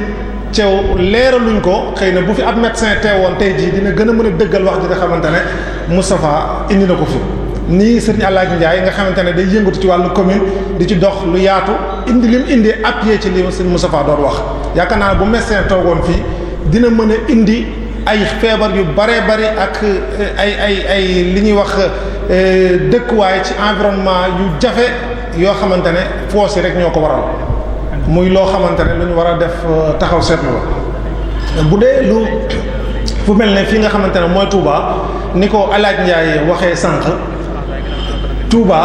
ceew leeraluñ ko xëy na bu fi ab médecin teewoon tey jii dina gën a mën a dëggal wax ji nga xamante ne Moustapha indi na ko fi nii sëriñ Alaaji Ndiaye nga xamante ne day yëngatu ci wàllu commune di ci dox lu yaatu indi lim indi appuyé ci li sëriñ Moustapha doon wax yaakaar naa bu médecin toogoon fii dina mën a indi ay feebar yu bare bari ak eh, ay ay ay li ñuy wax eh, dëkkuwaay ci environnement yu jafe yoo xamante ne foos rek ñoo ko waral muy loo xamante ne lu ñu war a def euh, taxaw seetlu la bu dee lu fu mel ne fii nga xamante ne mooy Touba ni ko alaaj Ndiaye waxee sànq Touba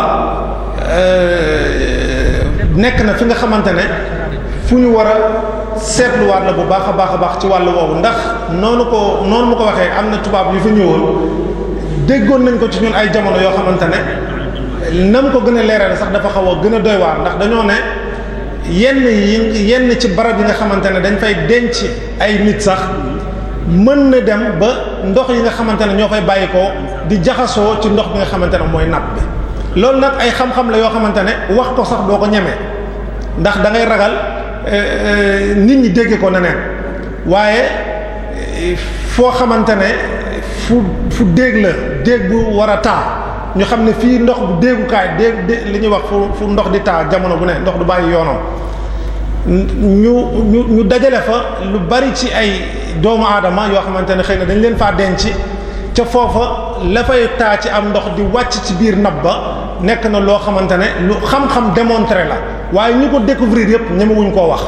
euh, nekk na fi nga xamante ne fu ñu war a seetluwaat la bu baax a baax a baax ci wàllu woowu ndax noonu ko noonu mu ko waxee am na tubaab yu fi ñëwoon déggoon nañ ko ci ñun ay jamono yoo xamante ne nam ko gën a leeral sax dafa xaw a gën a doy waar ndax dañoo ne. yenn yi yenn ci barab yi nga xamante ne dañ fay denc ay nit sax mën na dem ba ndox yi nga xamante ne ñoo koy bàyyi ko di jaxasoo ci ndox bi nga xamante ne mooy nag bi loolu nag ay xam-xam la yoo xamante ne wax ko sax doo ko ñeme ndax dangay ragal euh, euh, nit ñi dégg ko neneen waaye foo xamante ne fu fu déeg la déeg bu war a taa ñu xam ne fii ndox bu déegukaay déeg li ñuy wax fu fu ndox di taal jamono bu ne ndox du bàyyi yoonam ñu ñu ñu dajale fa lu bari ci ay doomu aadama yoo xamante ne xëy na dañ leen faa denc ca foofa la fay taa ci am ndox di wàcc ci biir nab ba nekk na loo xamante ne lu xam-xam démontré la waaye ñu ko découvrir yépp ñemewuñ koo wax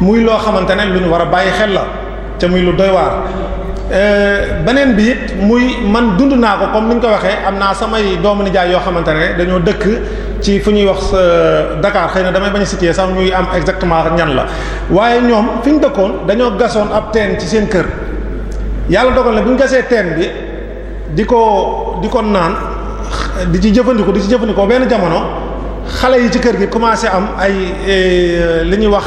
muy loo xamante ne lu ñu war a bàyyi xel la ca muy lu doy waar Euh, beneen bi it muy man dund naa ko comme ni ñu ko waxee am naa samay doomu nijaay yoo xamante ne dañoo dëkk ci fu ñuy wax euh, dakaar xëy na damay bañ a citer sax ñuy am exactement ñan la waaye ñoom fi ñu dëkkoon dañoo gasoon ab teen ci seen kër yàlla dogal na bu ñu gasee teen bi di ko di ko naan di ci jëfandikoo di ci jëfandikoo benn jamono xale yi ci kër gi commencé am ay euh, li ñuy wax.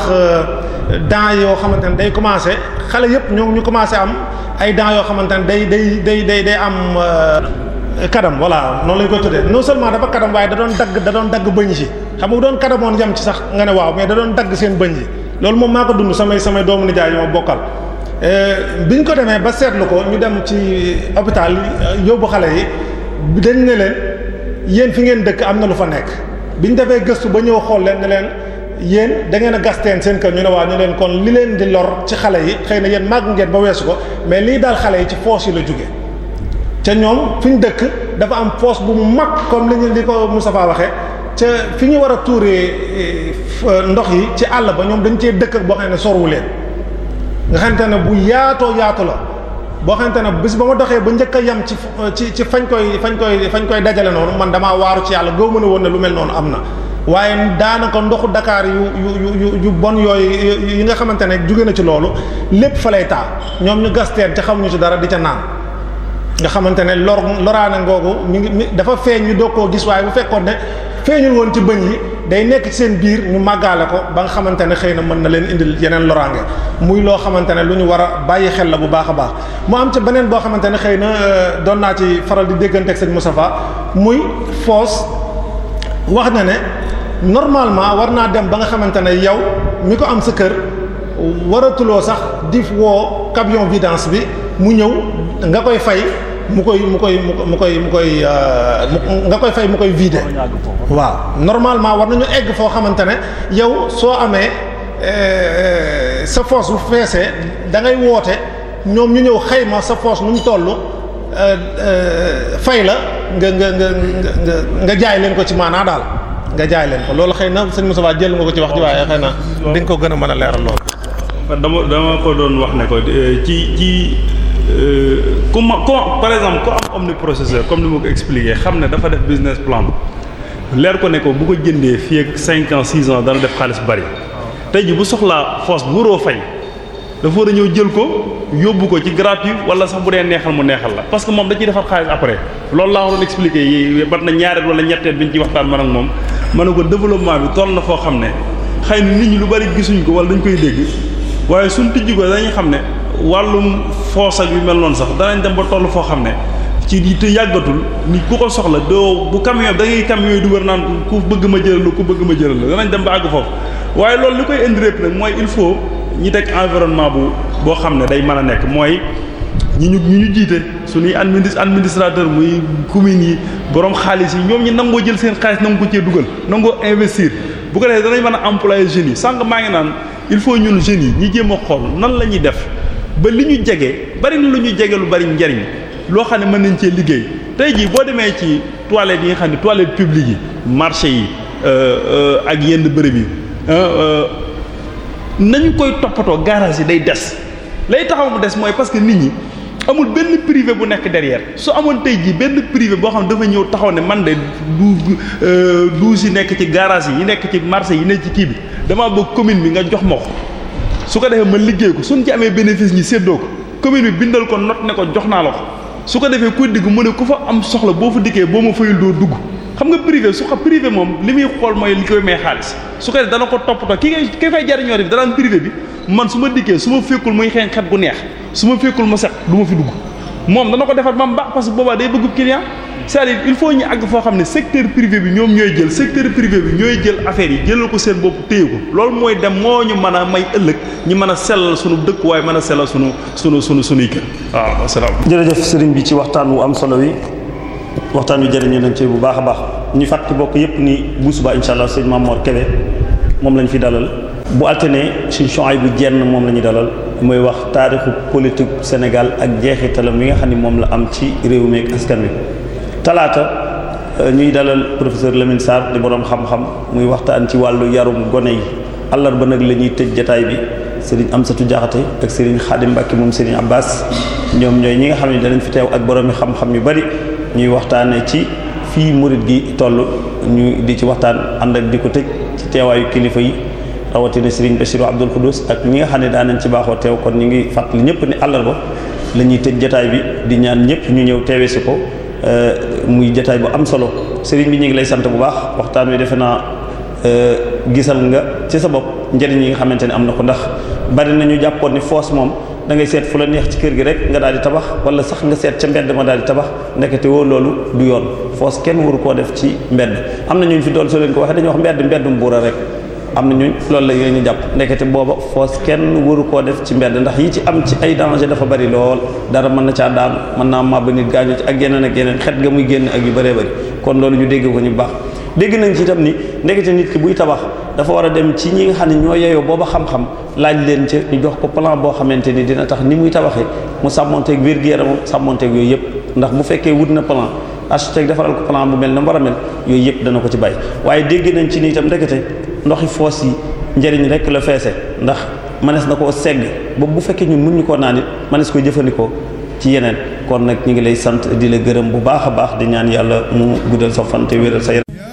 dents yoo xamante ne day commencé xale yëpp ñoo ñu commencé am ay dents yoo xamante ne day day day day day am euh, kadam voilà noonu lañ koy tuddee non seulement dafa kadam waaye da doon dagg da doon dagg bëñ si xam nga doon kadamoon yam ci sax nga ne waaw mais da doon dagg seen bëñ yi loolu moom maa ko dund samay samay doomu nijaay ñoo bokkal euh, bi ñu ko demee ba seetlu ko ñu dem ci hôpital euh, yóbbu xale yi dañ ne leen yéen fi ngeen dëkk am na lu fa nekk bi ñu defee gëstu ba ñëw xool leen ne yéen da ngeen a gasteen seen kër ñu ne waa ñu leen kon li leen di lor ci xale yi xëy na yéen màgg ngeen ba weesu ko mais lii daal xale yi ci foos yi la jóge ca ñoom fi ñu dëkk dafa am foos bu mu mag kon li ñu li ko Moustapha waxee ca fi ñu war a tuure eh, ndox yi ci àll ba ñoom dañ cee dëkk boo xam ne sorwu leen nga xamante ne bu yaatoo yaatu la boo xamante ne bis ba ma doxee ba njëkk a yem ci eh, ci ci fañ koy fañ koy fañ koy dajale noonu man damaa waaru ci yàlla goo mën woon ne lu mel noonu am na waaye daanaka ndoxu Dakar yu yu yu yu bon yooyu yi nga xamante ne jóge na ci loolu lépp fa lay taa ñoom ñu gas teen te xamuñu ci dara di ca naan nga xamante ne lor loraane ngoogu mi ngi mi dafa feeñ ñu doog koo gis waaye bu fekkoon ne feeñul woon ci bëñ yi day nekk seen biir ñu màggaale ko ba nga xamante ne xëy na mën na leen indil yeneen loraange muy loo xamante ne lu ñu war a bàyyi xel la bu baax a baax mu am ca beneen boo xamante ne xëy na euh, doon naa ci faral di déggante ak sëñ Moustapha muy foos na ne normalement war naa dem ba nga xamante ne yow mi ko am sa kër waratuloo sax di woo camion vidange bi mu ñëw nga koy fay mu koy mu koy mu koy mu koy euh, nga koy fay mu koy vider. waaw normalement war nañu egg foo xamante ne yow soo amee euh, euh, sa force bu feesee da ngay woote ñoom ñu ñëw xayma sa force nu mu toll fay la nga nga nga nga jaay leen ko ci maanaa daal. nga jaay leen ko loolu xëy na sëñ Moussa jël nga ko ci wax ji waaye xëy na di nga ko gën a mën a leeral loolu. dama dama ko doon wax ne ko euh, ci ci euh, ku ma ku par exemple ku am omniprocesseur comme ni ma ko expliqué xam ne dafa def business plan leer ko ne ko bu ko jëndee fi ak 5 ans 6 ans dana def xaalis bari tey ji bu soxlaa force bu waroo fay dafa war a ñëw jël ko yóbbu ko ci gratuit wala sax bu dee neexal mu neexal la parce que moom dañuy ciy defar xaalis après loolu laa waroon expliqué na ñaareel wala ñetteel bi ñu ci waxtaan man ak moom ma ne ko développement bi toll na foo xam ne xëy na nit ñi lu bari gisuñ ko wala dañ koy dégg waaye suñ tijji ko dañuy xam ne wàllum foos ak yu mel noonu sax danañ dem ba toll foo xam ne ci yàggatul ni ku ko soxla doo bu camion da ngay camion yi du wër naan ku bëgg ma jëral ku bëgg ma jëral la danañ dem ba àgg foofu waaye loolu li koy indi rek nag mooy il faut ñi teg environnement bu boo xam ne day mën a nekk mooy ñi ñu ñi ñu jiite suñuy administ administrateur muy communes yi borom xaalis yi ñoom ñi nangoo jël seen xaalis nangu ko cee dugal nangoo investir bu ko defee danañ mën a employer jeunes yi sànq maa ngi naan il faut ñun jeunes yi ñu jéem a xool nan la ñuy def ba li ñu jege bari na lu ñu jege lu bari njariñ loo xam ne mën nañ cee liggéey tey jii boo demee ci toilettes yi nga xam ne toilettes publiques yi marché yi euh, euh, ak yenn bërëb yi euh, nañu koy toppatoo garage yi day des lay taxaw mu des mooy parce que nit ñi. amul benn privé bu nekk derrière su amoon tey jii benn privé boo xam ne dafa ñëw taxaw ne man de du euh, douze yi nekk ci garage yi nekk ci marché yi nekk ci kii bi damaa bëgg commune bi nga jox ma ko su ko defee ma liggéey ko suñ ci amee bénéfice ñi séddoo ko commune bi bindal ko not ne ko jox naa la ko su ko defee kuy digg mu ne ku fa am soxla boo fa dikkee boo ma fayul doo dugg xam nga privé su xa privé moom li muy xool mooy li koy may xaalis su ko def dana ko toppatoo ki ngay ki fay jariñoo def danaan privé bi man su ma dikkee su fekkul muy xeeñ xet neex su ma fekkul ma set du ma fi dugg moom dana ko defar ba mu baax parce que boobaa day bëgg client cest à il faut ñu àgg foo xam ne secteur privé bi ñoom ñooy jël secteur privé bi ñooy jël affaire yi jëlal ko seen bopp téye ko loolu mooy dem moo ñu mën a may ëllëg ñu mën a sellal sunu dëkk waaye mën a sellal sunu sunu sunu sunuy kër waaw asalaam jërëjëf sëriñ bi ci waxtaan wu am solo wi waxtaan wi jëriñu nañ ci bu baax a baax ñu fàttali bokk yépp ni bu subaa incha allah sëñ Mamor Kébé moom lañ fi dalal bu alterné sëñ Chouaïbou Diène moom la ñuy dalal muy wax taarixu politique Sénégal ak jeexitalam yi nga xam ni moom la am ci réew mi ak askan wi talaata euh, ñuy dalal professeur Lamine Sarr di boroom xam-xam muy waxtaan ci wàllu yarum gone yi ba nag la ñuy tëj jataay bi am Amsatu Jaxate ak sëriñ Xaadim Mbàkke moom sëriñ Abbas ñoom ñooy ñi nga xam ne danañ fi teew ak boroomi xam-xam yu bari ñuy waxtaane ci fii murit gi toll ñu di ci waxtaan ànd ak di ko tëj ci teewaayu kilifa yi rawatina Serigne Bassirou Abdoul Khoudous ak ñi nga xam ne daanañ ci baaxoo teew kon ñu ngi fàttali ñëpp ni àllarba la ñuy tëj jataay bi di ñaan ñëpp ñu ñëw teewee si ko euh, muy jataay bu am solo sëriñ bi ñu ngi lay sant bu baax waxtaan wi defe naa euh, gisal nga ci sa bopp njëriñ yi nga xamante ne am na ko ndax bari nañu jàppoon ni foos moom da ngay seet fu la neex ci kër gi rek nga daal di tabax wala sax nga seet ca mbedd ma daal di tabax ndekete woo loolu du yoon foos kenn waru koo def ci mbedd am na ñuñ fi dool soo leen ko waxee dañu wax mbedd mbeddum buura rek am na ñu loolu la ñu jàpp ndekete booba foos kenn waru koo def ci mbedd ndax yi ci am ci ay danger dafa bari lool dara mën na caa daanu mën naa màbb nit gaañu ci ak yeneen ak yeneen xet ga muy génn ak yu bëree bëri kon loolu ñu dégg ko ñu baax dégg nañ ci itam ni ndekete nit ki buy tabax dafa war a dem ci ñi nga xam ne ñoo yeyoo booba xam-xam laaj leen ca ñu jox ko plan boo xamante ni dina tax ni muy tabaxee mu sàmmonteeg wér-gu-yaramam sàmmonteeg yooyu yëpp ndax bu fekkee wut na plan architecte defaral ko plan bu mel na war a mel yooyu yëpp dana ko ci bàyyi waaye dégg nañ ci ni itam ndekete ndoxi foos yi njëriñ rek la feese ndax mënees na ko segg ba bu fekkee ñun mën ñu koo naan it mënees koy jëfandikoo ci yeneen kon nag ñu ngi lay sant di la gërëm bu baax a baax di ñaan yàlla mu guddal sa fan te wéral sa yaram